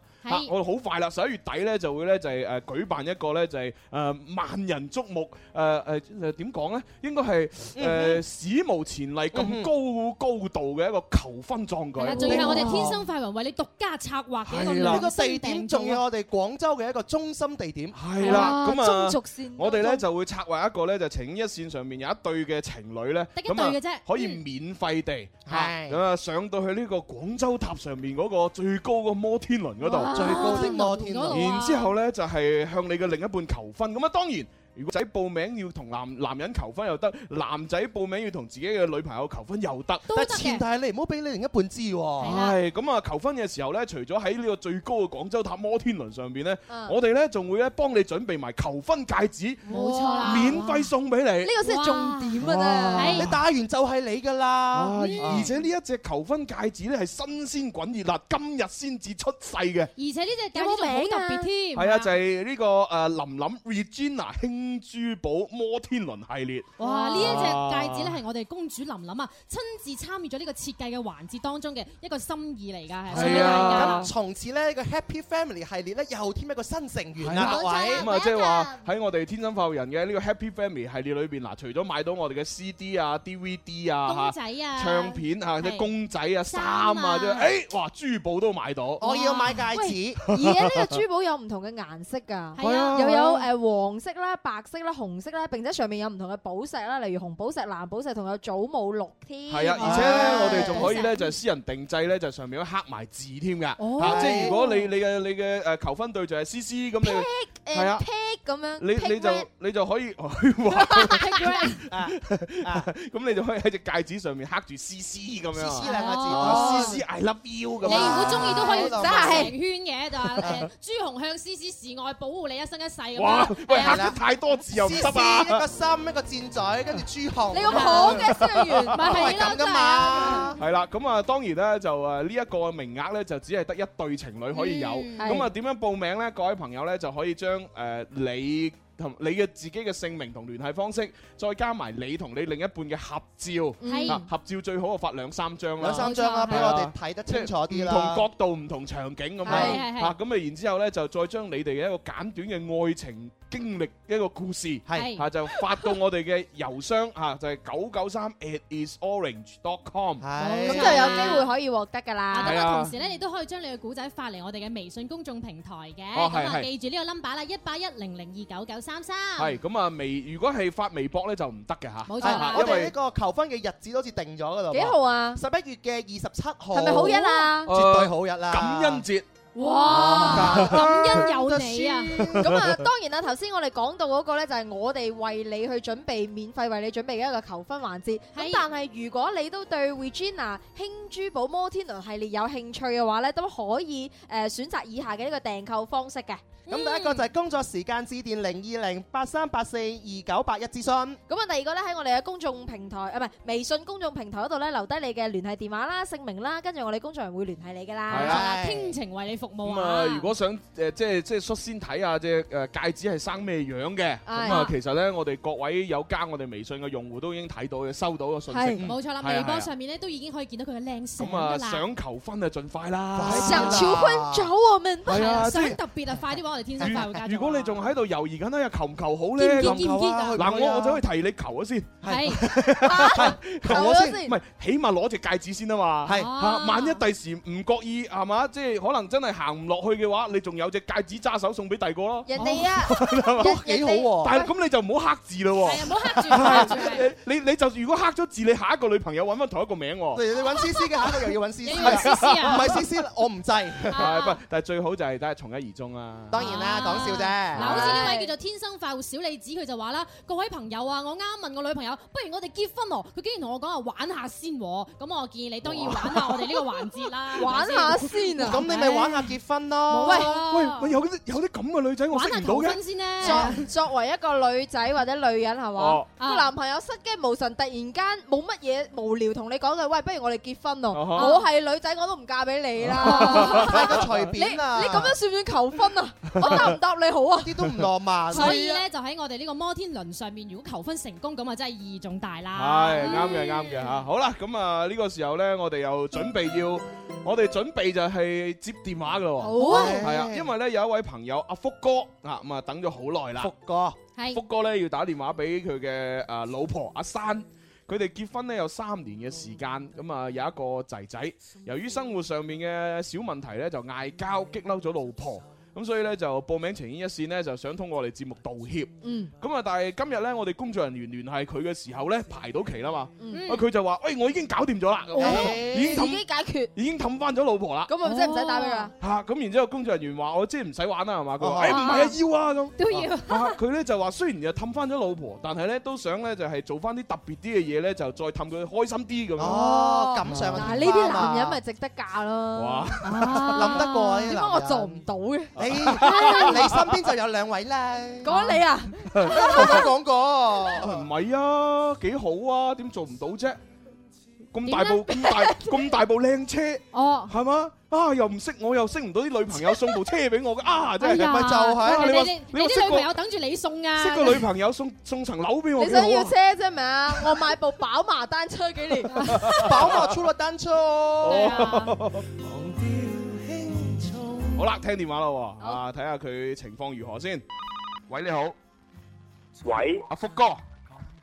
Speaker 6: 我哋好快啦！十一月底咧，就會咧就係誒舉辦一個咧就係誒萬人矚目誒誒點講咧，應該係誒史無前例咁高高度嘅一個求婚壯舉。仲有我哋天生
Speaker 7: 快活人為你獨家策劃嘅一個地點，仲有我
Speaker 5: 哋廣州嘅一個中心地點。係啦，
Speaker 6: 咁啊，中軸綫，我哋咧就會策劃一個咧就情牽一線，上面有一對嘅情侶咧，一對嘅啫，可以免費地吓上到去呢個廣州塔上面嗰個最高嘅摩天輪嗰度。最高的摩天輪，然之後咧就係向你嘅另一半求婚，咁啊當然。如果仔報名要同男男人求婚又得，男仔報名要同自己嘅女朋友求婚又得，但係前
Speaker 5: 提係你唔好俾你另一半知喎。係，咁啊
Speaker 6: 求婚嘅時候咧，除咗喺呢個最高嘅廣州塔摩天輪上邊咧，我哋咧仲會咧幫你準備埋求婚戒指，冇錯啦，免費送俾你。呢個先係重點啊！你打完就係你㗎啦。而且呢一隻求婚戒指咧係新鮮滾熱辣，今日先至出世嘅。而且呢
Speaker 7: 隻戒指仲好特別添。係啊，就
Speaker 6: 係呢個誒林琳 Regina 輕珠寶摩天輪系列，哇！呢一隻戒指咧係
Speaker 7: 我哋公主琳琳啊，親自參與咗呢個設計嘅環節當中嘅一個心意嚟噶，
Speaker 5: 係啊！咁從此咧呢個 Happy Family 系列咧又添一個新成員啊。咁
Speaker 6: 啊，即係話喺我哋天生發育人嘅呢個 Happy Family 系列裏邊，嗱，除咗買到我哋嘅 CD 啊、DVD 啊、公仔啊、唱片啊、啲公仔啊、衫啊，誒，哇！珠寶都買到，我要
Speaker 3: 買戒指，而家呢個珠寶有唔同嘅顏色噶，係啊，又有誒黃色啦、白。白色啦，紅色啦，並且上面有唔同嘅寶石啦，例如紅寶石、藍寶石，同有祖母綠添。係啊，而
Speaker 6: 且咧，我哋仲可以咧，就係私人定製咧，就上面刻埋字添㗎。即係如果你你嘅你嘅誒求婚對象係 C C 咁，你係啊，咁
Speaker 3: 樣。你你就
Speaker 6: 你就可以，咁你就可以喺隻戒指上面刻住 C C 咁樣。C C 兩個字，C I love you 咁。你如果鍾意都可以
Speaker 5: 打成
Speaker 7: 圈嘅，就誒朱紅向 C C 示愛，保護你一生一世
Speaker 6: 哇！哇，多自由心
Speaker 5: 啊！一個心，一個箭嘴，跟住朱紅。你咁好
Speaker 8: 嘅新源，咪係咁噶
Speaker 5: 嘛？
Speaker 6: 係啦，咁啊，當然咧就誒呢一個名額咧，就只係得一對情侶可以有。咁啊，點樣報名咧？各位朋友咧，就可以將誒你同你嘅自己嘅姓名同聯繫方式，再加埋你同你另一半嘅合照。係。合照最好啊，發兩三張啦。兩三張啦，俾我哋睇
Speaker 5: 得清楚啲啦，唔同
Speaker 6: 角度唔同場景咁啊。係咁啊，然之後咧，就再將你哋嘅一個簡短嘅愛情。經歷一個故事，係啊，就發到我哋嘅郵箱啊，就係九九三 it is orange dot com，咁就有機
Speaker 3: 會可以獲得噶啦。
Speaker 6: 咁啊，同時咧，
Speaker 7: 你都可以將你嘅古仔發嚟我哋嘅微信公眾平台嘅，咁啊記住呢個 number 啦，一八一零零二九九三三。係
Speaker 6: 咁啊微，如果係發微博咧就唔得嘅吓。冇錯，我哋呢
Speaker 5: 個求婚嘅日子都好似定咗噶啦。幾號啊？十一月嘅二十七號。係咪好日啊？絕對好日啦！感恩節。哇！感恩有你啊！咁啊， 當然
Speaker 3: 啦，頭先我哋講到嗰個咧，就係我哋為你去準備免費為你準備嘅一個求婚環節。咁是但係如果你都對 Regina 輕珠寶摩天輪系列有興趣嘅話咧，都可以誒、呃、選擇以下嘅一個訂購方式嘅。咁第
Speaker 5: 一個就係工作時間致電零二零八三八四二九八一諮詢。
Speaker 3: 咁啊第二個咧，喺我哋嘅公眾平台啊，唔係微信公眾平台嗰度咧，留低你嘅聯繫電話啦、姓名啦，跟住我哋工作人員會聯繫你噶啦，傾情為你服務
Speaker 7: 啊！咁如
Speaker 6: 果想誒，即係即係率先睇下即係戒指係生咩樣嘅，咁啊其實咧，我哋各位有加我哋微信嘅用戶都已經睇到嘅，收到嘅信息，冇錯啦。微博上
Speaker 7: 面咧都已經可以見到佢嘅靚色。咁啊想
Speaker 6: 求婚啊，盡快啦！想求婚，走
Speaker 7: 我們！係想特別啊，快啲
Speaker 6: 如果你仲喺度猶豫緊咧，求唔求好咧？嗱，我我就可以提你求咗先。係，求我先。唔係，起碼攞隻戒指先啊嘛。係，萬一第時唔覺意係嘛，即係可能真係行唔落去嘅話，你仲有隻戒指揸手送俾第二個咯。人哋啊，都幾
Speaker 5: 好喎！但係
Speaker 6: 咁你就唔好刻字咯。係唔好刻字。你你就如果刻咗字，你下一個女朋友揾翻同一個名。你你
Speaker 5: 揾思思嘅下一個又要揾思思，
Speaker 6: 唔係思思，我唔制。但係最好就係得從一而終啊。
Speaker 5: 啦，講笑啫。嗱，好似呢
Speaker 7: 位叫做天生快活小李子，佢就話啦：各位朋友啊，我啱問個女朋友，不如我哋結婚喎。佢竟然同我講話，玩下先喎。咁我建議你當然玩下我哋呢個環節啦，玩下先啊。咁你咪玩下
Speaker 5: 結婚咯。喂喂，有啲有啲咁嘅女仔，我玩下求婚先咧。作
Speaker 3: 作為一個女仔或者女人係嘛，個男朋友失驚無神，突然間冇乜嘢無聊同你講嘅。喂，不如我哋結婚喎。我係女仔，我都唔嫁俾你啦。太隨便啦。你你咁樣算唔算求婚啊？
Speaker 5: 我答唔答你好啊？一啲都唔浪漫。所以
Speaker 7: 咧，就喺我哋呢個摩天輪上面，如果求婚成功咁啊，就真係意義重大啦。
Speaker 5: 係
Speaker 6: 啱嘅，啱嘅吓。好啦，咁啊呢個時候咧，我哋又準備要，我哋準備就係接電話噶咯。好啊，係啊，因為咧有一位朋友阿福哥啊，咁啊等咗好耐啦。福哥係福哥咧，要打電話俾佢嘅誒老婆阿珊。佢哋結婚咧有三年嘅時間，咁啊有一個仔仔。由於生活上面嘅小問題咧，就嗌交激嬲咗老婆。咁所以咧就報名情牽一線呢，就想通過我哋節目道歉。咁啊，但係今日咧，我哋工作人員聯繫佢嘅時候咧，排到期啦嘛。佢就話，誒，我已經搞掂咗啦，已經自己解決，已經氹翻咗老婆啦。咁我
Speaker 8: 即係唔使打俾佢。
Speaker 6: 嚇，咁然之後工作人員話，我即係唔使玩啦，係嘛？佢話，誒，唔係啊，要啊咁。都要。佢咧就話，雖然又氹翻咗老婆，但係咧都想咧就係做翻啲特別啲嘅嘢咧，就再氹佢開心啲咁。哦，咁上呢啲男人
Speaker 3: 咪值得嫁咯。哇，
Speaker 5: 諗得過啊！點解我做唔到嘅？你你身邊就有兩位啦，講你啊，我講過，
Speaker 6: 唔係啊，幾好啊，點做唔到啫？咁大部咁大咁大部靚車，哦，係嘛？啊，又唔識我又識唔到啲女朋友送部車俾我嘅啊，真係咪就係你話你話啲女朋友
Speaker 3: 等住你送啊？識個女朋
Speaker 6: 友送送層樓俾我，你想要車
Speaker 3: 啫係咪？我買部寶馬
Speaker 5: 單車幾年，寶馬出了單車哦。
Speaker 6: 好啦，聽電話啦，啊，睇下佢情況如何先。喂，你好。喂，阿福哥，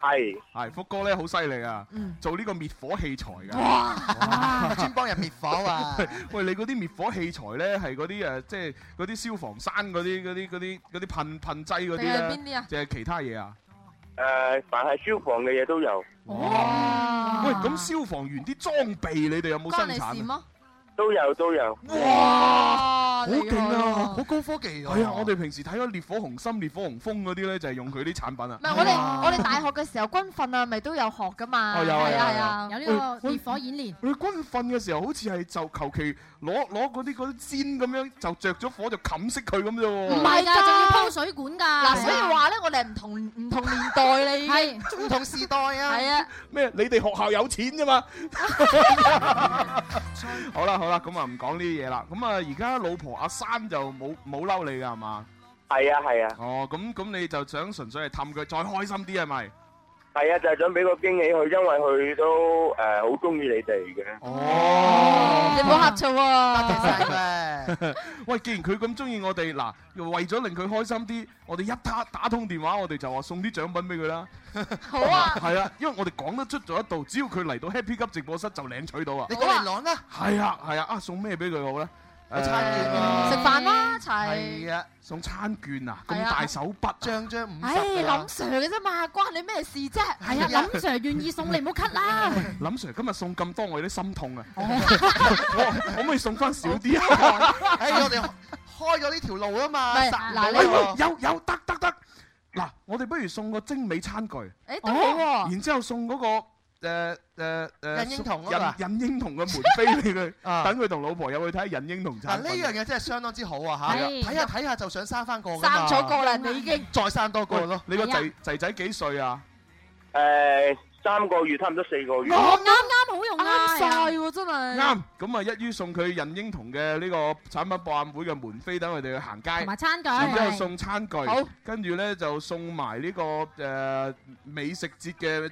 Speaker 6: 係係，福哥咧好犀利啊，做呢個滅火器材噶。哇，專幫人滅火啊！喂，你嗰啲滅火器材咧係嗰啲誒，即係嗰啲消防山嗰啲嗰啲嗰啲嗰啲噴噴劑嗰啲咧邊啊？即係其他嘢啊？
Speaker 9: 誒，凡係消防嘅嘢都有。哇！
Speaker 6: 喂，咁消防員啲裝備你哋有冇生產？都有都有，哇，好勁啊，好高科技啊！係啊，我哋平時睇咗《烈火雄心》《烈火雄風》嗰啲咧，就係用佢啲產品啊。嗱，我哋我哋
Speaker 3: 大學嘅時候軍訓啊，咪都有學噶嘛。哦，有啊，有呢個
Speaker 6: 烈火演練。佢軍訓嘅時候，好似係就求其攞攞嗰啲嗰啲氈咁樣，就着咗火就冚熄佢咁啫。唔係噶，
Speaker 7: 仲要鋪
Speaker 3: 水管噶。嗱，所以話咧，我哋唔同唔
Speaker 6: 同年代嚟嘅，唔同時代啊。係啊。咩？你哋學校有錢啫嘛？好啦，好。咁啊唔講呢啲嘢啦。咁啊，而家老婆阿三就冇冇嬲你噶係嘛？係啊，係啊。啊哦，咁咁你就想純粹係氹佢，再開心啲，係咪？
Speaker 9: 係啊，就係、是、想
Speaker 6: 俾個驚喜佢，因為佢都誒好中意你哋嘅。哦，哦你唔好呷
Speaker 5: 醋喎，正常
Speaker 9: 喂，
Speaker 6: 既然佢咁中意我哋，嗱，為咗令佢開心啲，我哋一打打通電話，我哋就話送啲獎品俾佢啦。 好啊。係 啊，因為我哋講得出咗一度，只要佢嚟到 Happy 谷直播室就領取到啊。你
Speaker 5: 講嚟攞啦。係
Speaker 6: 啊係啊，啊，啊送咩俾佢好咧？送餐券，
Speaker 5: 食飯啦，齊
Speaker 6: 係啊！送餐券啊，咁大手筆，張張五十。唉，林 Sir
Speaker 3: 嘅啫嘛，關你咩事啫？係啊，林 Sir 願意送，你唔好 cut
Speaker 5: 啦。
Speaker 6: 林 Sir 今日送咁多，我有啲心痛啊。哦，可唔可以送翻少啲啊？哎，
Speaker 5: 我哋開咗呢條路啊嘛。嗱，有
Speaker 6: 有得得得，嗱，我哋不如送個精美餐具。哦，然之後送嗰個。誒誒誒，孕嬰童啦，孕孕嬰童嘅門飛俾佢，等佢同老婆又去睇孕嬰童產品。嗱呢樣嘢真係相當之好啊吓，
Speaker 5: 睇下睇下就想生翻個噶嘛。生咗個啦，你已經再生多個咯。你個仔
Speaker 6: 仔仔幾歲啊？誒，三個月差唔多四個月。我
Speaker 3: 啱啱好用啱晒喎真係。
Speaker 6: 啱，咁啊一於送佢孕嬰童嘅呢個產品博覽會嘅門飛，等佢哋去行街，買餐具，然之後送餐具，好，跟住咧就送埋呢個誒美食節嘅。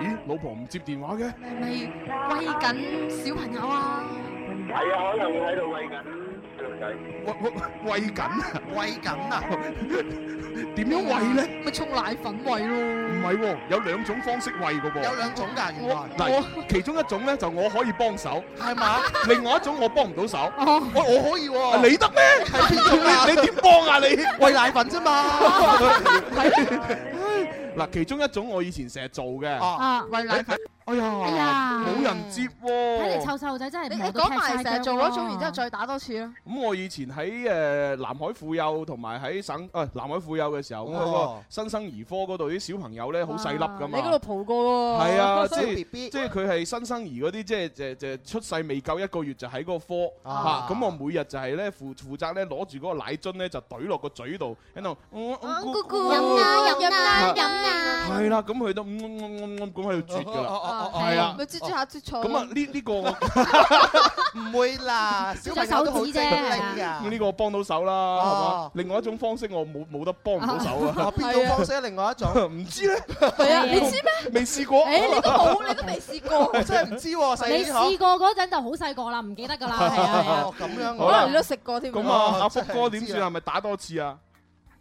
Speaker 6: 老婆唔接電話嘅，係
Speaker 8: 咪餵緊
Speaker 3: 小朋友啊？係啊，可能我
Speaker 6: 喺度餵緊細路仔，
Speaker 5: 餵餵餵緊啊，餵緊啊，
Speaker 6: 點樣餵咧？
Speaker 3: 咪沖奶粉餵咯？唔
Speaker 6: 係，有兩種方式餵噶噃，有兩種噶。我嗱，其中一種咧就我可以幫手，係嘛？另外一種我幫唔到手，我我可以喎。你得咩？你你點
Speaker 5: 幫啊？你餵奶粉啫嘛。
Speaker 6: 嗱，其中一種我以前成日做嘅。啊，啊，
Speaker 5: 喂哎呀，冇、哎、人接喎！睇嚟、
Speaker 6: 嗯、臭
Speaker 7: 臭仔真係，你講埋成日做，咗做完之後再打多次咯。
Speaker 6: 咁、嗯、我以前喺誒、呃、南海婦幼同埋喺省誒、啊、南海婦幼嘅時候，咁嗰個新生兒科嗰度啲小朋友咧，好細粒噶嘛。啊、你嗰度
Speaker 3: 抱過喎、啊就是，即係 B B，
Speaker 6: 即係佢係新生兒嗰啲，即係誒誒出世未夠一個月就喺嗰個科吓。咁、啊啊啊嗯、我每日就係咧負負責咧攞住嗰個奶樽咧就懟落個嘴度喺度，
Speaker 3: 我我姑姑飲啊
Speaker 8: 飲
Speaker 6: 啊飲啊！係啦、嗯，咁佢都我我我我咁喺度啜噶啦。嗯。係啊，
Speaker 3: 咁啊呢
Speaker 6: 呢個唔
Speaker 5: 會啦，小朋友都好精靈噶。
Speaker 6: 咁呢個幫到手啦，另外一種方式我冇冇得幫到手啊。邊種方式啊？另外一種，唔知咧。
Speaker 5: 係啊，你知咩？未試過。誒，你都冇，你都未試過，真係唔知喎。你試過
Speaker 7: 嗰陣就好細個啦，唔記得噶啦，係啊。
Speaker 9: 哦，
Speaker 5: 咁樣，可能你都食過添。
Speaker 9: 咁啊，阿福哥
Speaker 6: 點算啊？係咪打多次啊？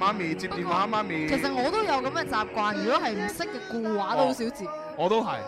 Speaker 6: 媽咪接電話，媽咪。 其實我
Speaker 3: 都有咁嘅習
Speaker 6: 慣，如果係唔
Speaker 3: 識嘅固話都好少接。
Speaker 6: 我都係，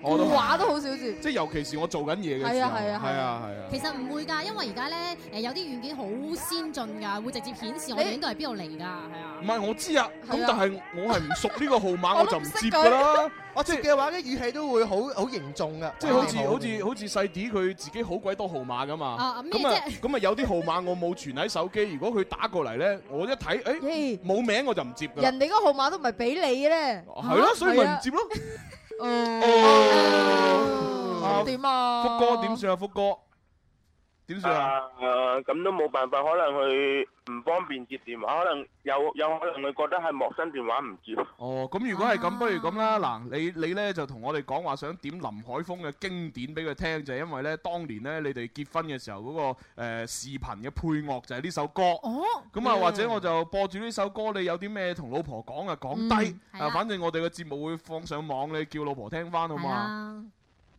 Speaker 7: 電話都好少接，
Speaker 6: 即係尤其是我做緊嘢嘅時候。係啊係啊係啊係啊！其實
Speaker 7: 唔會㗎，因為而家咧誒有啲軟件好先進㗎，會直接顯示我哋應該係邊度嚟㗎，係啊。
Speaker 5: 唔係我知啊，咁但係我係唔熟呢個號碼，我就唔接㗎啦。我接嘅話咧語氣都會好好凝重㗎，即係好似
Speaker 6: 好似好似細啲佢自己好鬼多號碼㗎嘛。咁啊咁啊有啲號碼我冇存喺手機，如果佢打過嚟咧，我一睇誒冇名我就唔接㗎。人
Speaker 3: 哋嗰個號碼都唔係俾你咧，係咯，所以咪唔接咯。
Speaker 9: 嗯，點、
Speaker 3: 哦、
Speaker 6: 啊？啊啊福哥，點
Speaker 9: 算啊？福哥。點算啊，誒，咁都冇辦法，可能佢唔方便接電話，可能有有可能佢覺得係陌生電話唔接。
Speaker 6: 哦，咁如果係咁，不如咁啦，嗱，你你呢就同我哋講話想點林海峰嘅經典俾佢聽，就係因為呢當年呢你哋結婚嘅時候嗰個誒視頻嘅配樂就係呢首歌。哦。
Speaker 8: 咁啊，或者
Speaker 6: 我就播住呢首歌，你有啲咩同老婆講啊，講低啊，反正我哋嘅節目會放上網，你叫老婆聽翻好嘛？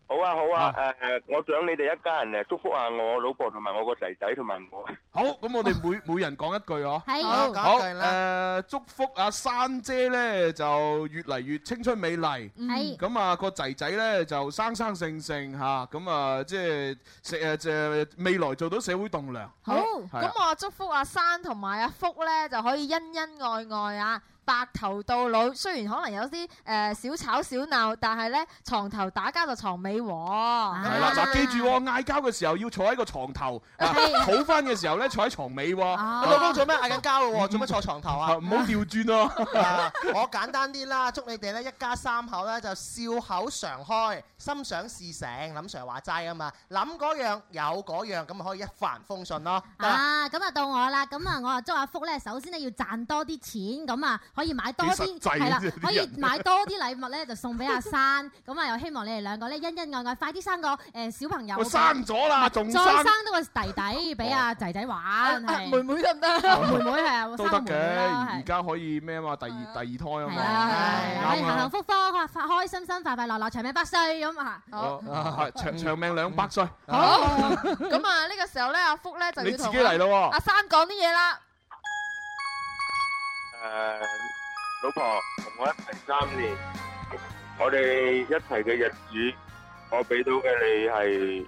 Speaker 9: 好啊好啊，誒誒，我想你哋一家人誒，祝福下我老婆同埋我個仔仔同埋我。
Speaker 6: 好，咁我哋每每人講一句嗬。係，講一句啦。好，誒，祝福阿珊姐咧，就越嚟越青春美麗。係。咁啊，個仔仔咧就生生性性吓，咁啊，即係社誒即係未來做到社會棟樑。好。咁我
Speaker 3: 祝福阿珊同埋阿福咧，就可以恩恩愛愛啊。白頭到老，雖然可能有啲誒、呃、小吵小鬧，但係咧床頭打交就床尾和。
Speaker 6: 係啦、啊，就、啊、記住喎、哦，嗌交嘅時候要坐喺個床頭，好翻嘅時候咧坐喺床尾
Speaker 5: 喎。哦啊、老公、啊嗯、做咩嗌緊交咯？做乜坐床頭啊？唔好調轉咯、啊啊啊。我簡單啲啦，祝你哋咧一家三口咧就笑口常開，心想事成。林 sir 話齋啊嘛，諗嗰樣有嗰樣，咁咪可以一帆風順咯。啊，咁啊到
Speaker 7: 我啦，咁啊我啊祝阿福咧，首先咧要賺多啲錢，咁啊～可以買多啲係啦，可以買多啲禮物咧，就送俾阿珊。咁啊，又希望你哋兩個咧恩恩愛愛，快啲生個誒小朋友。我生咗啦，仲再生多個弟弟俾阿仔仔玩。
Speaker 3: 妹妹得唔得？
Speaker 6: 妹妹係
Speaker 7: 啊，都得嘅。而
Speaker 6: 家可以咩啊嘛？第二第二胎啊嘛。係係，幸幸
Speaker 7: 福福，開開心心，快快樂樂，長命百歲咁啊！好
Speaker 6: 係長長命兩百歲。好
Speaker 3: 咁啊！呢個時候咧，阿福咧
Speaker 7: 就要同
Speaker 6: 阿
Speaker 3: 珊講啲嘢啦。
Speaker 9: 誒，uh, 老婆同我一齊三年，我哋一齊嘅日子，我俾到嘅你係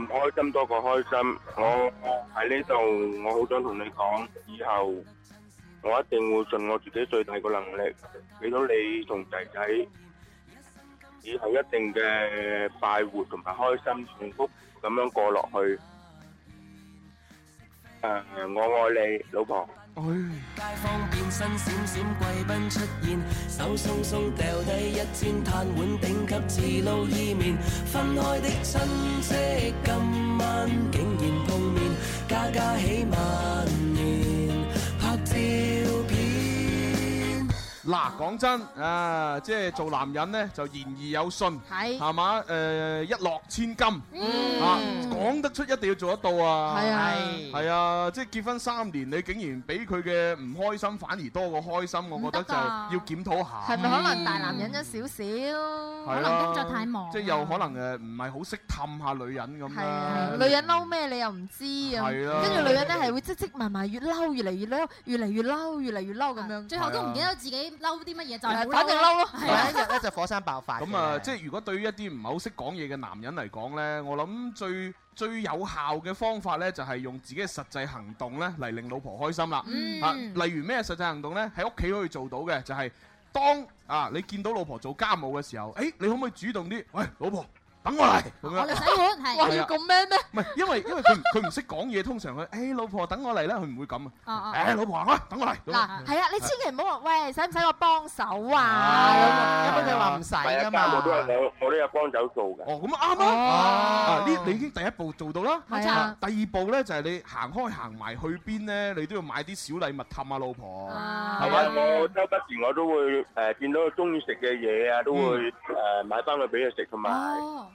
Speaker 9: 唔開心多過開心。我喺呢度，我好想同你講，以後我一定會盡我自己最大嘅能力，俾到你同仔仔以後一定嘅快活同埋開心，幸福咁樣過落去。誒，uh, 我愛你，老婆。
Speaker 1: 街坊變身閃閃貴賓出現，手鬆鬆掉低一千嘆碗頂級自撈意麵，分開的親戚今晚竟然碰面，家家喜
Speaker 8: 萬年拍照。
Speaker 6: 嗱，講真，啊，即係做男人咧就言而有信，係，係嘛？誒，一諾千金，嗯，啊，講得出一定要做得到啊，係啊，係啊，即係結婚三年，你竟然比佢嘅唔開心反而多過開心，我覺得就要檢討下。係咪可能大
Speaker 3: 男人咗少少？可能工作太忙，
Speaker 6: 即係又可能誒唔係好識氹下女人咁啊。女人嬲
Speaker 3: 咩？你又唔知啊？係
Speaker 6: 咯。跟住女人
Speaker 3: 咧係會積積埋埋越嬲越嚟越嬲，越嚟越嬲越嚟越嬲咁樣，最
Speaker 7: 後都唔記得自己。
Speaker 5: 嬲啲乜嘢就，反正嬲咯。一對、嗯、日咧就火山爆
Speaker 6: 發。咁、 嗯、啊，即係如果對於一啲唔係好識講嘢嘅男人嚟講呢，我諗最最有效嘅方法呢，就係、是、用自己嘅實際行動呢嚟令老婆開心啦。啊，例如咩實際行動呢？喺屋企可以做到嘅，就係、是、當啊你見到老婆做家務嘅時候，誒、欸，你可唔可以主動啲，喂，老婆？等我嚟，我哋洗碗，哇要咁咩咩？唔係，因為因為佢佢唔識講嘢，通常佢，誒老婆等我嚟
Speaker 9: 啦，佢唔會咁啊。誒老婆啊，等我嚟。嗱，係
Speaker 3: 啊，你千祈唔好話，喂，使唔使我幫手啊？一般都
Speaker 6: 係話唔使㗎嘛。係啊，家務都
Speaker 9: 有我都有幫手做㗎。哦，咁啱啊！
Speaker 6: 啊，呢你已經第一步做到啦。係啊。第二步咧就係你行開行埋去邊咧，你都要買啲小禮物氹下老婆，係咪？我
Speaker 9: 周不時我都會誒見到中意食嘅嘢啊，都會誒買翻去俾佢食同埋。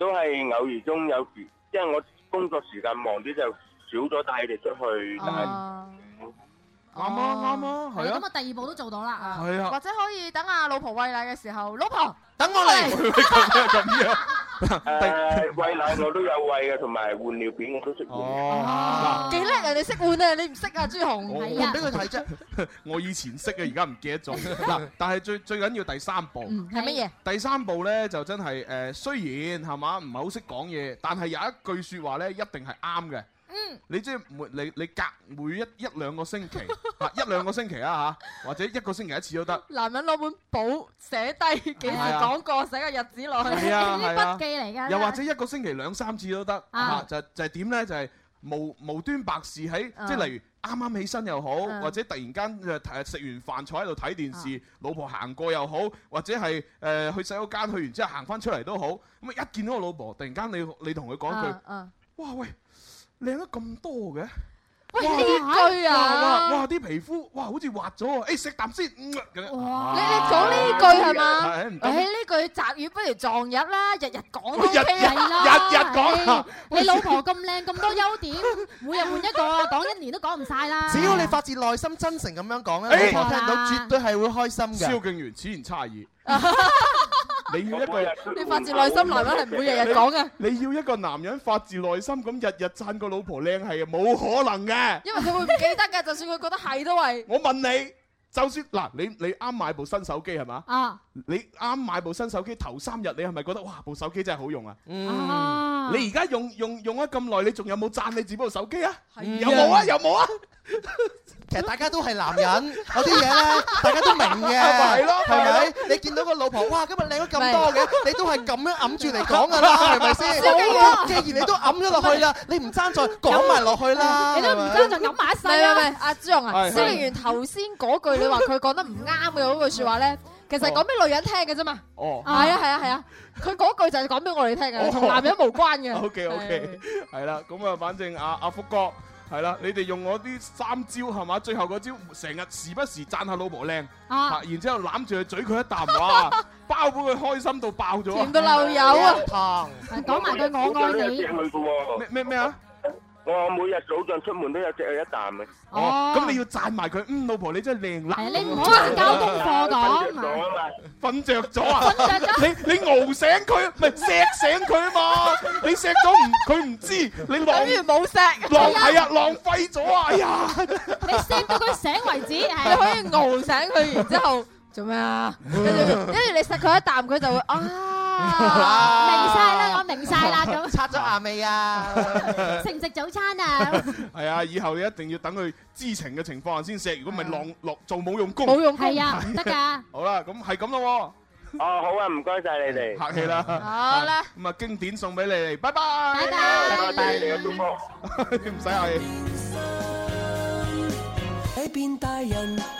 Speaker 9: 都係偶然中有時，因為我工作時間忙啲就少咗帶佢哋出去，但係啱
Speaker 7: 啊啱啊，咁係、嗯、啊
Speaker 3: 第二步都做到啦，啊、或者可以等阿老婆餵奶嘅時候，老婆。等我嚟。誒
Speaker 9: 餵、 啊、奶我都有餵嘅，同埋換尿片我都
Speaker 3: 識換。哦，幾叻、啊、人哋識換啊，你唔識啊？朱紅，我俾佢睇啫。呀我，啊、
Speaker 9: 我以前識嘅，而家唔記得咗。嗱，
Speaker 6: 但係最最緊要第三步。係乜嘢？第三步咧就真係誒、呃，雖然係嘛唔係好識講嘢，但係有一句説話咧一定係啱嘅。嗯，你即係每你你隔每一一兩個星期，一兩個星期啊吓，或者一個星期一次都得。
Speaker 3: 男人攞本簿，寫低幾日講過，寫個日子落去，係啊係啊，筆記嚟噶。又或者
Speaker 6: 一個星期兩三次都得，吓就就點咧？就係無無端白事喺，即係例如啱啱起身又好，或者突然間誒食完飯坐喺度睇電視，老婆行過又好，或者係誒去洗手間去完之後行翻出嚟都好，咁啊一見到個老婆，突然間你你同佢講一句，哇喂！靚得咁多嘅？喂呢句啊，哇啲皮膚，哇好似滑咗啊！哎食啖先，哇你你講呢句係嘛？
Speaker 3: 哎呢句擇日不如撞日啦，日日講都 OK
Speaker 7: 啦，日日講，你老婆
Speaker 3: 咁靚咁多優點，每
Speaker 5: 日換一個啊，講一
Speaker 7: 年都講唔晒啦。只要你發
Speaker 5: 自內心真誠咁樣講咧，老婆聽到絕對係會開心嘅。蕭
Speaker 6: 敬源，此言差矣。你要一個人，你發自內心男人係唔會日日講嘅。你要一個男人發自內心咁日日讚個老婆靚係冇可能嘅。因為佢會唔記得㗎， 就算佢覺得係都係。我問你，就算嗱，你你啱買部新手機係嘛？啊。你啱買部新手機頭三日，你係咪覺得哇部手機真係好用啊？嗯，你而家用用用咗咁耐，你仲有冇讚你自己部手機啊？有冇啊？有
Speaker 5: 冇啊？其實大家都係男人，有啲嘢咧，大家都明嘅，係咯，係咪？你見到個老婆哇，今日靚咗咁多嘅，你都係咁樣揞住嚟講噶啦，係咪先？既然你都揞咗落去啦，你唔爭再講埋落去啦，你都唔爭就揞埋一世啦。唔係唔係，阿
Speaker 3: 張啊，司令員頭先嗰句你話佢講得唔啱嘅嗰句說話咧，其實講俾女人聽嘅啫嘛，
Speaker 6: 哦，係啊係
Speaker 3: 啊係啊，佢嗰句就係講俾我哋聽嘅，同男人無關嘅。O K O K，
Speaker 6: 係啦，咁啊，反正阿阿福哥係啦，你哋用我啲三招係嘛，最後嗰招成日時不時讚下老婆靚，吓，然之後攬住佢嘴佢一啖，話，包俾佢開心到爆咗，甜到流油啊，
Speaker 9: 糖，講埋句我愛你。咩咩咩啊？我每日早上出門都有錫佢一啖嘅。哦，咁
Speaker 6: 你要讚埋佢，嗯，老婆你真係靚啦。你唔好行交功課講。瞓着咗啊，
Speaker 8: 瞓
Speaker 6: 着咗你你熬醒佢，咪錫醒佢啊嘛，你錫咗唔，佢唔知，你浪。等於冇錫。浪係啊，浪費咗啊，哎
Speaker 2: 呀。你錫
Speaker 3: 到佢醒為止，你可以熬醒佢，然之後做咩啊？跟住你錫佢一啖，佢就會啊。明晒啦，我明
Speaker 7: 晒啦咁。擦咗牙未啊？食唔食早餐啊？
Speaker 6: 係啊，以後你一定要等佢知情嘅情況下先食，如果唔係浪落做冇用功。冇用功係啊，唔得噶。好啦，咁係咁咯。哦，好啊，唔該晒你哋，客氣啦。好啦，咁啊，經典送俾你哋，拜拜。拜拜，拜拜，嚟啊，小魔，唔使客氣。你變大人。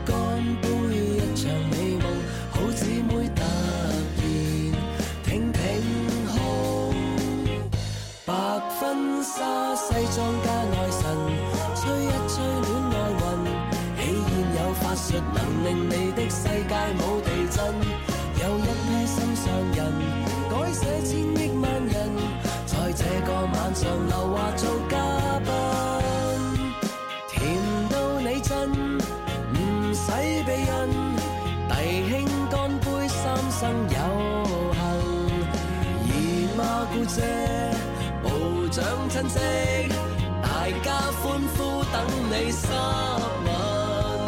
Speaker 1: 沙西裝加內神，吹一吹戀愛運，喜宴有法術，能令你的世界冇地震，有一批心上人，改寫千億萬人，在這個晚上留下話。大家歡呼，等你三吻。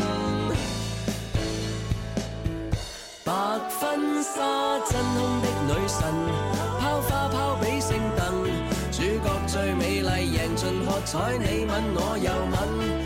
Speaker 1: 白婚紗真空的女神，拋花拋畀聖誕，主角最美麗，贏盡喝彩，你吻我又吻。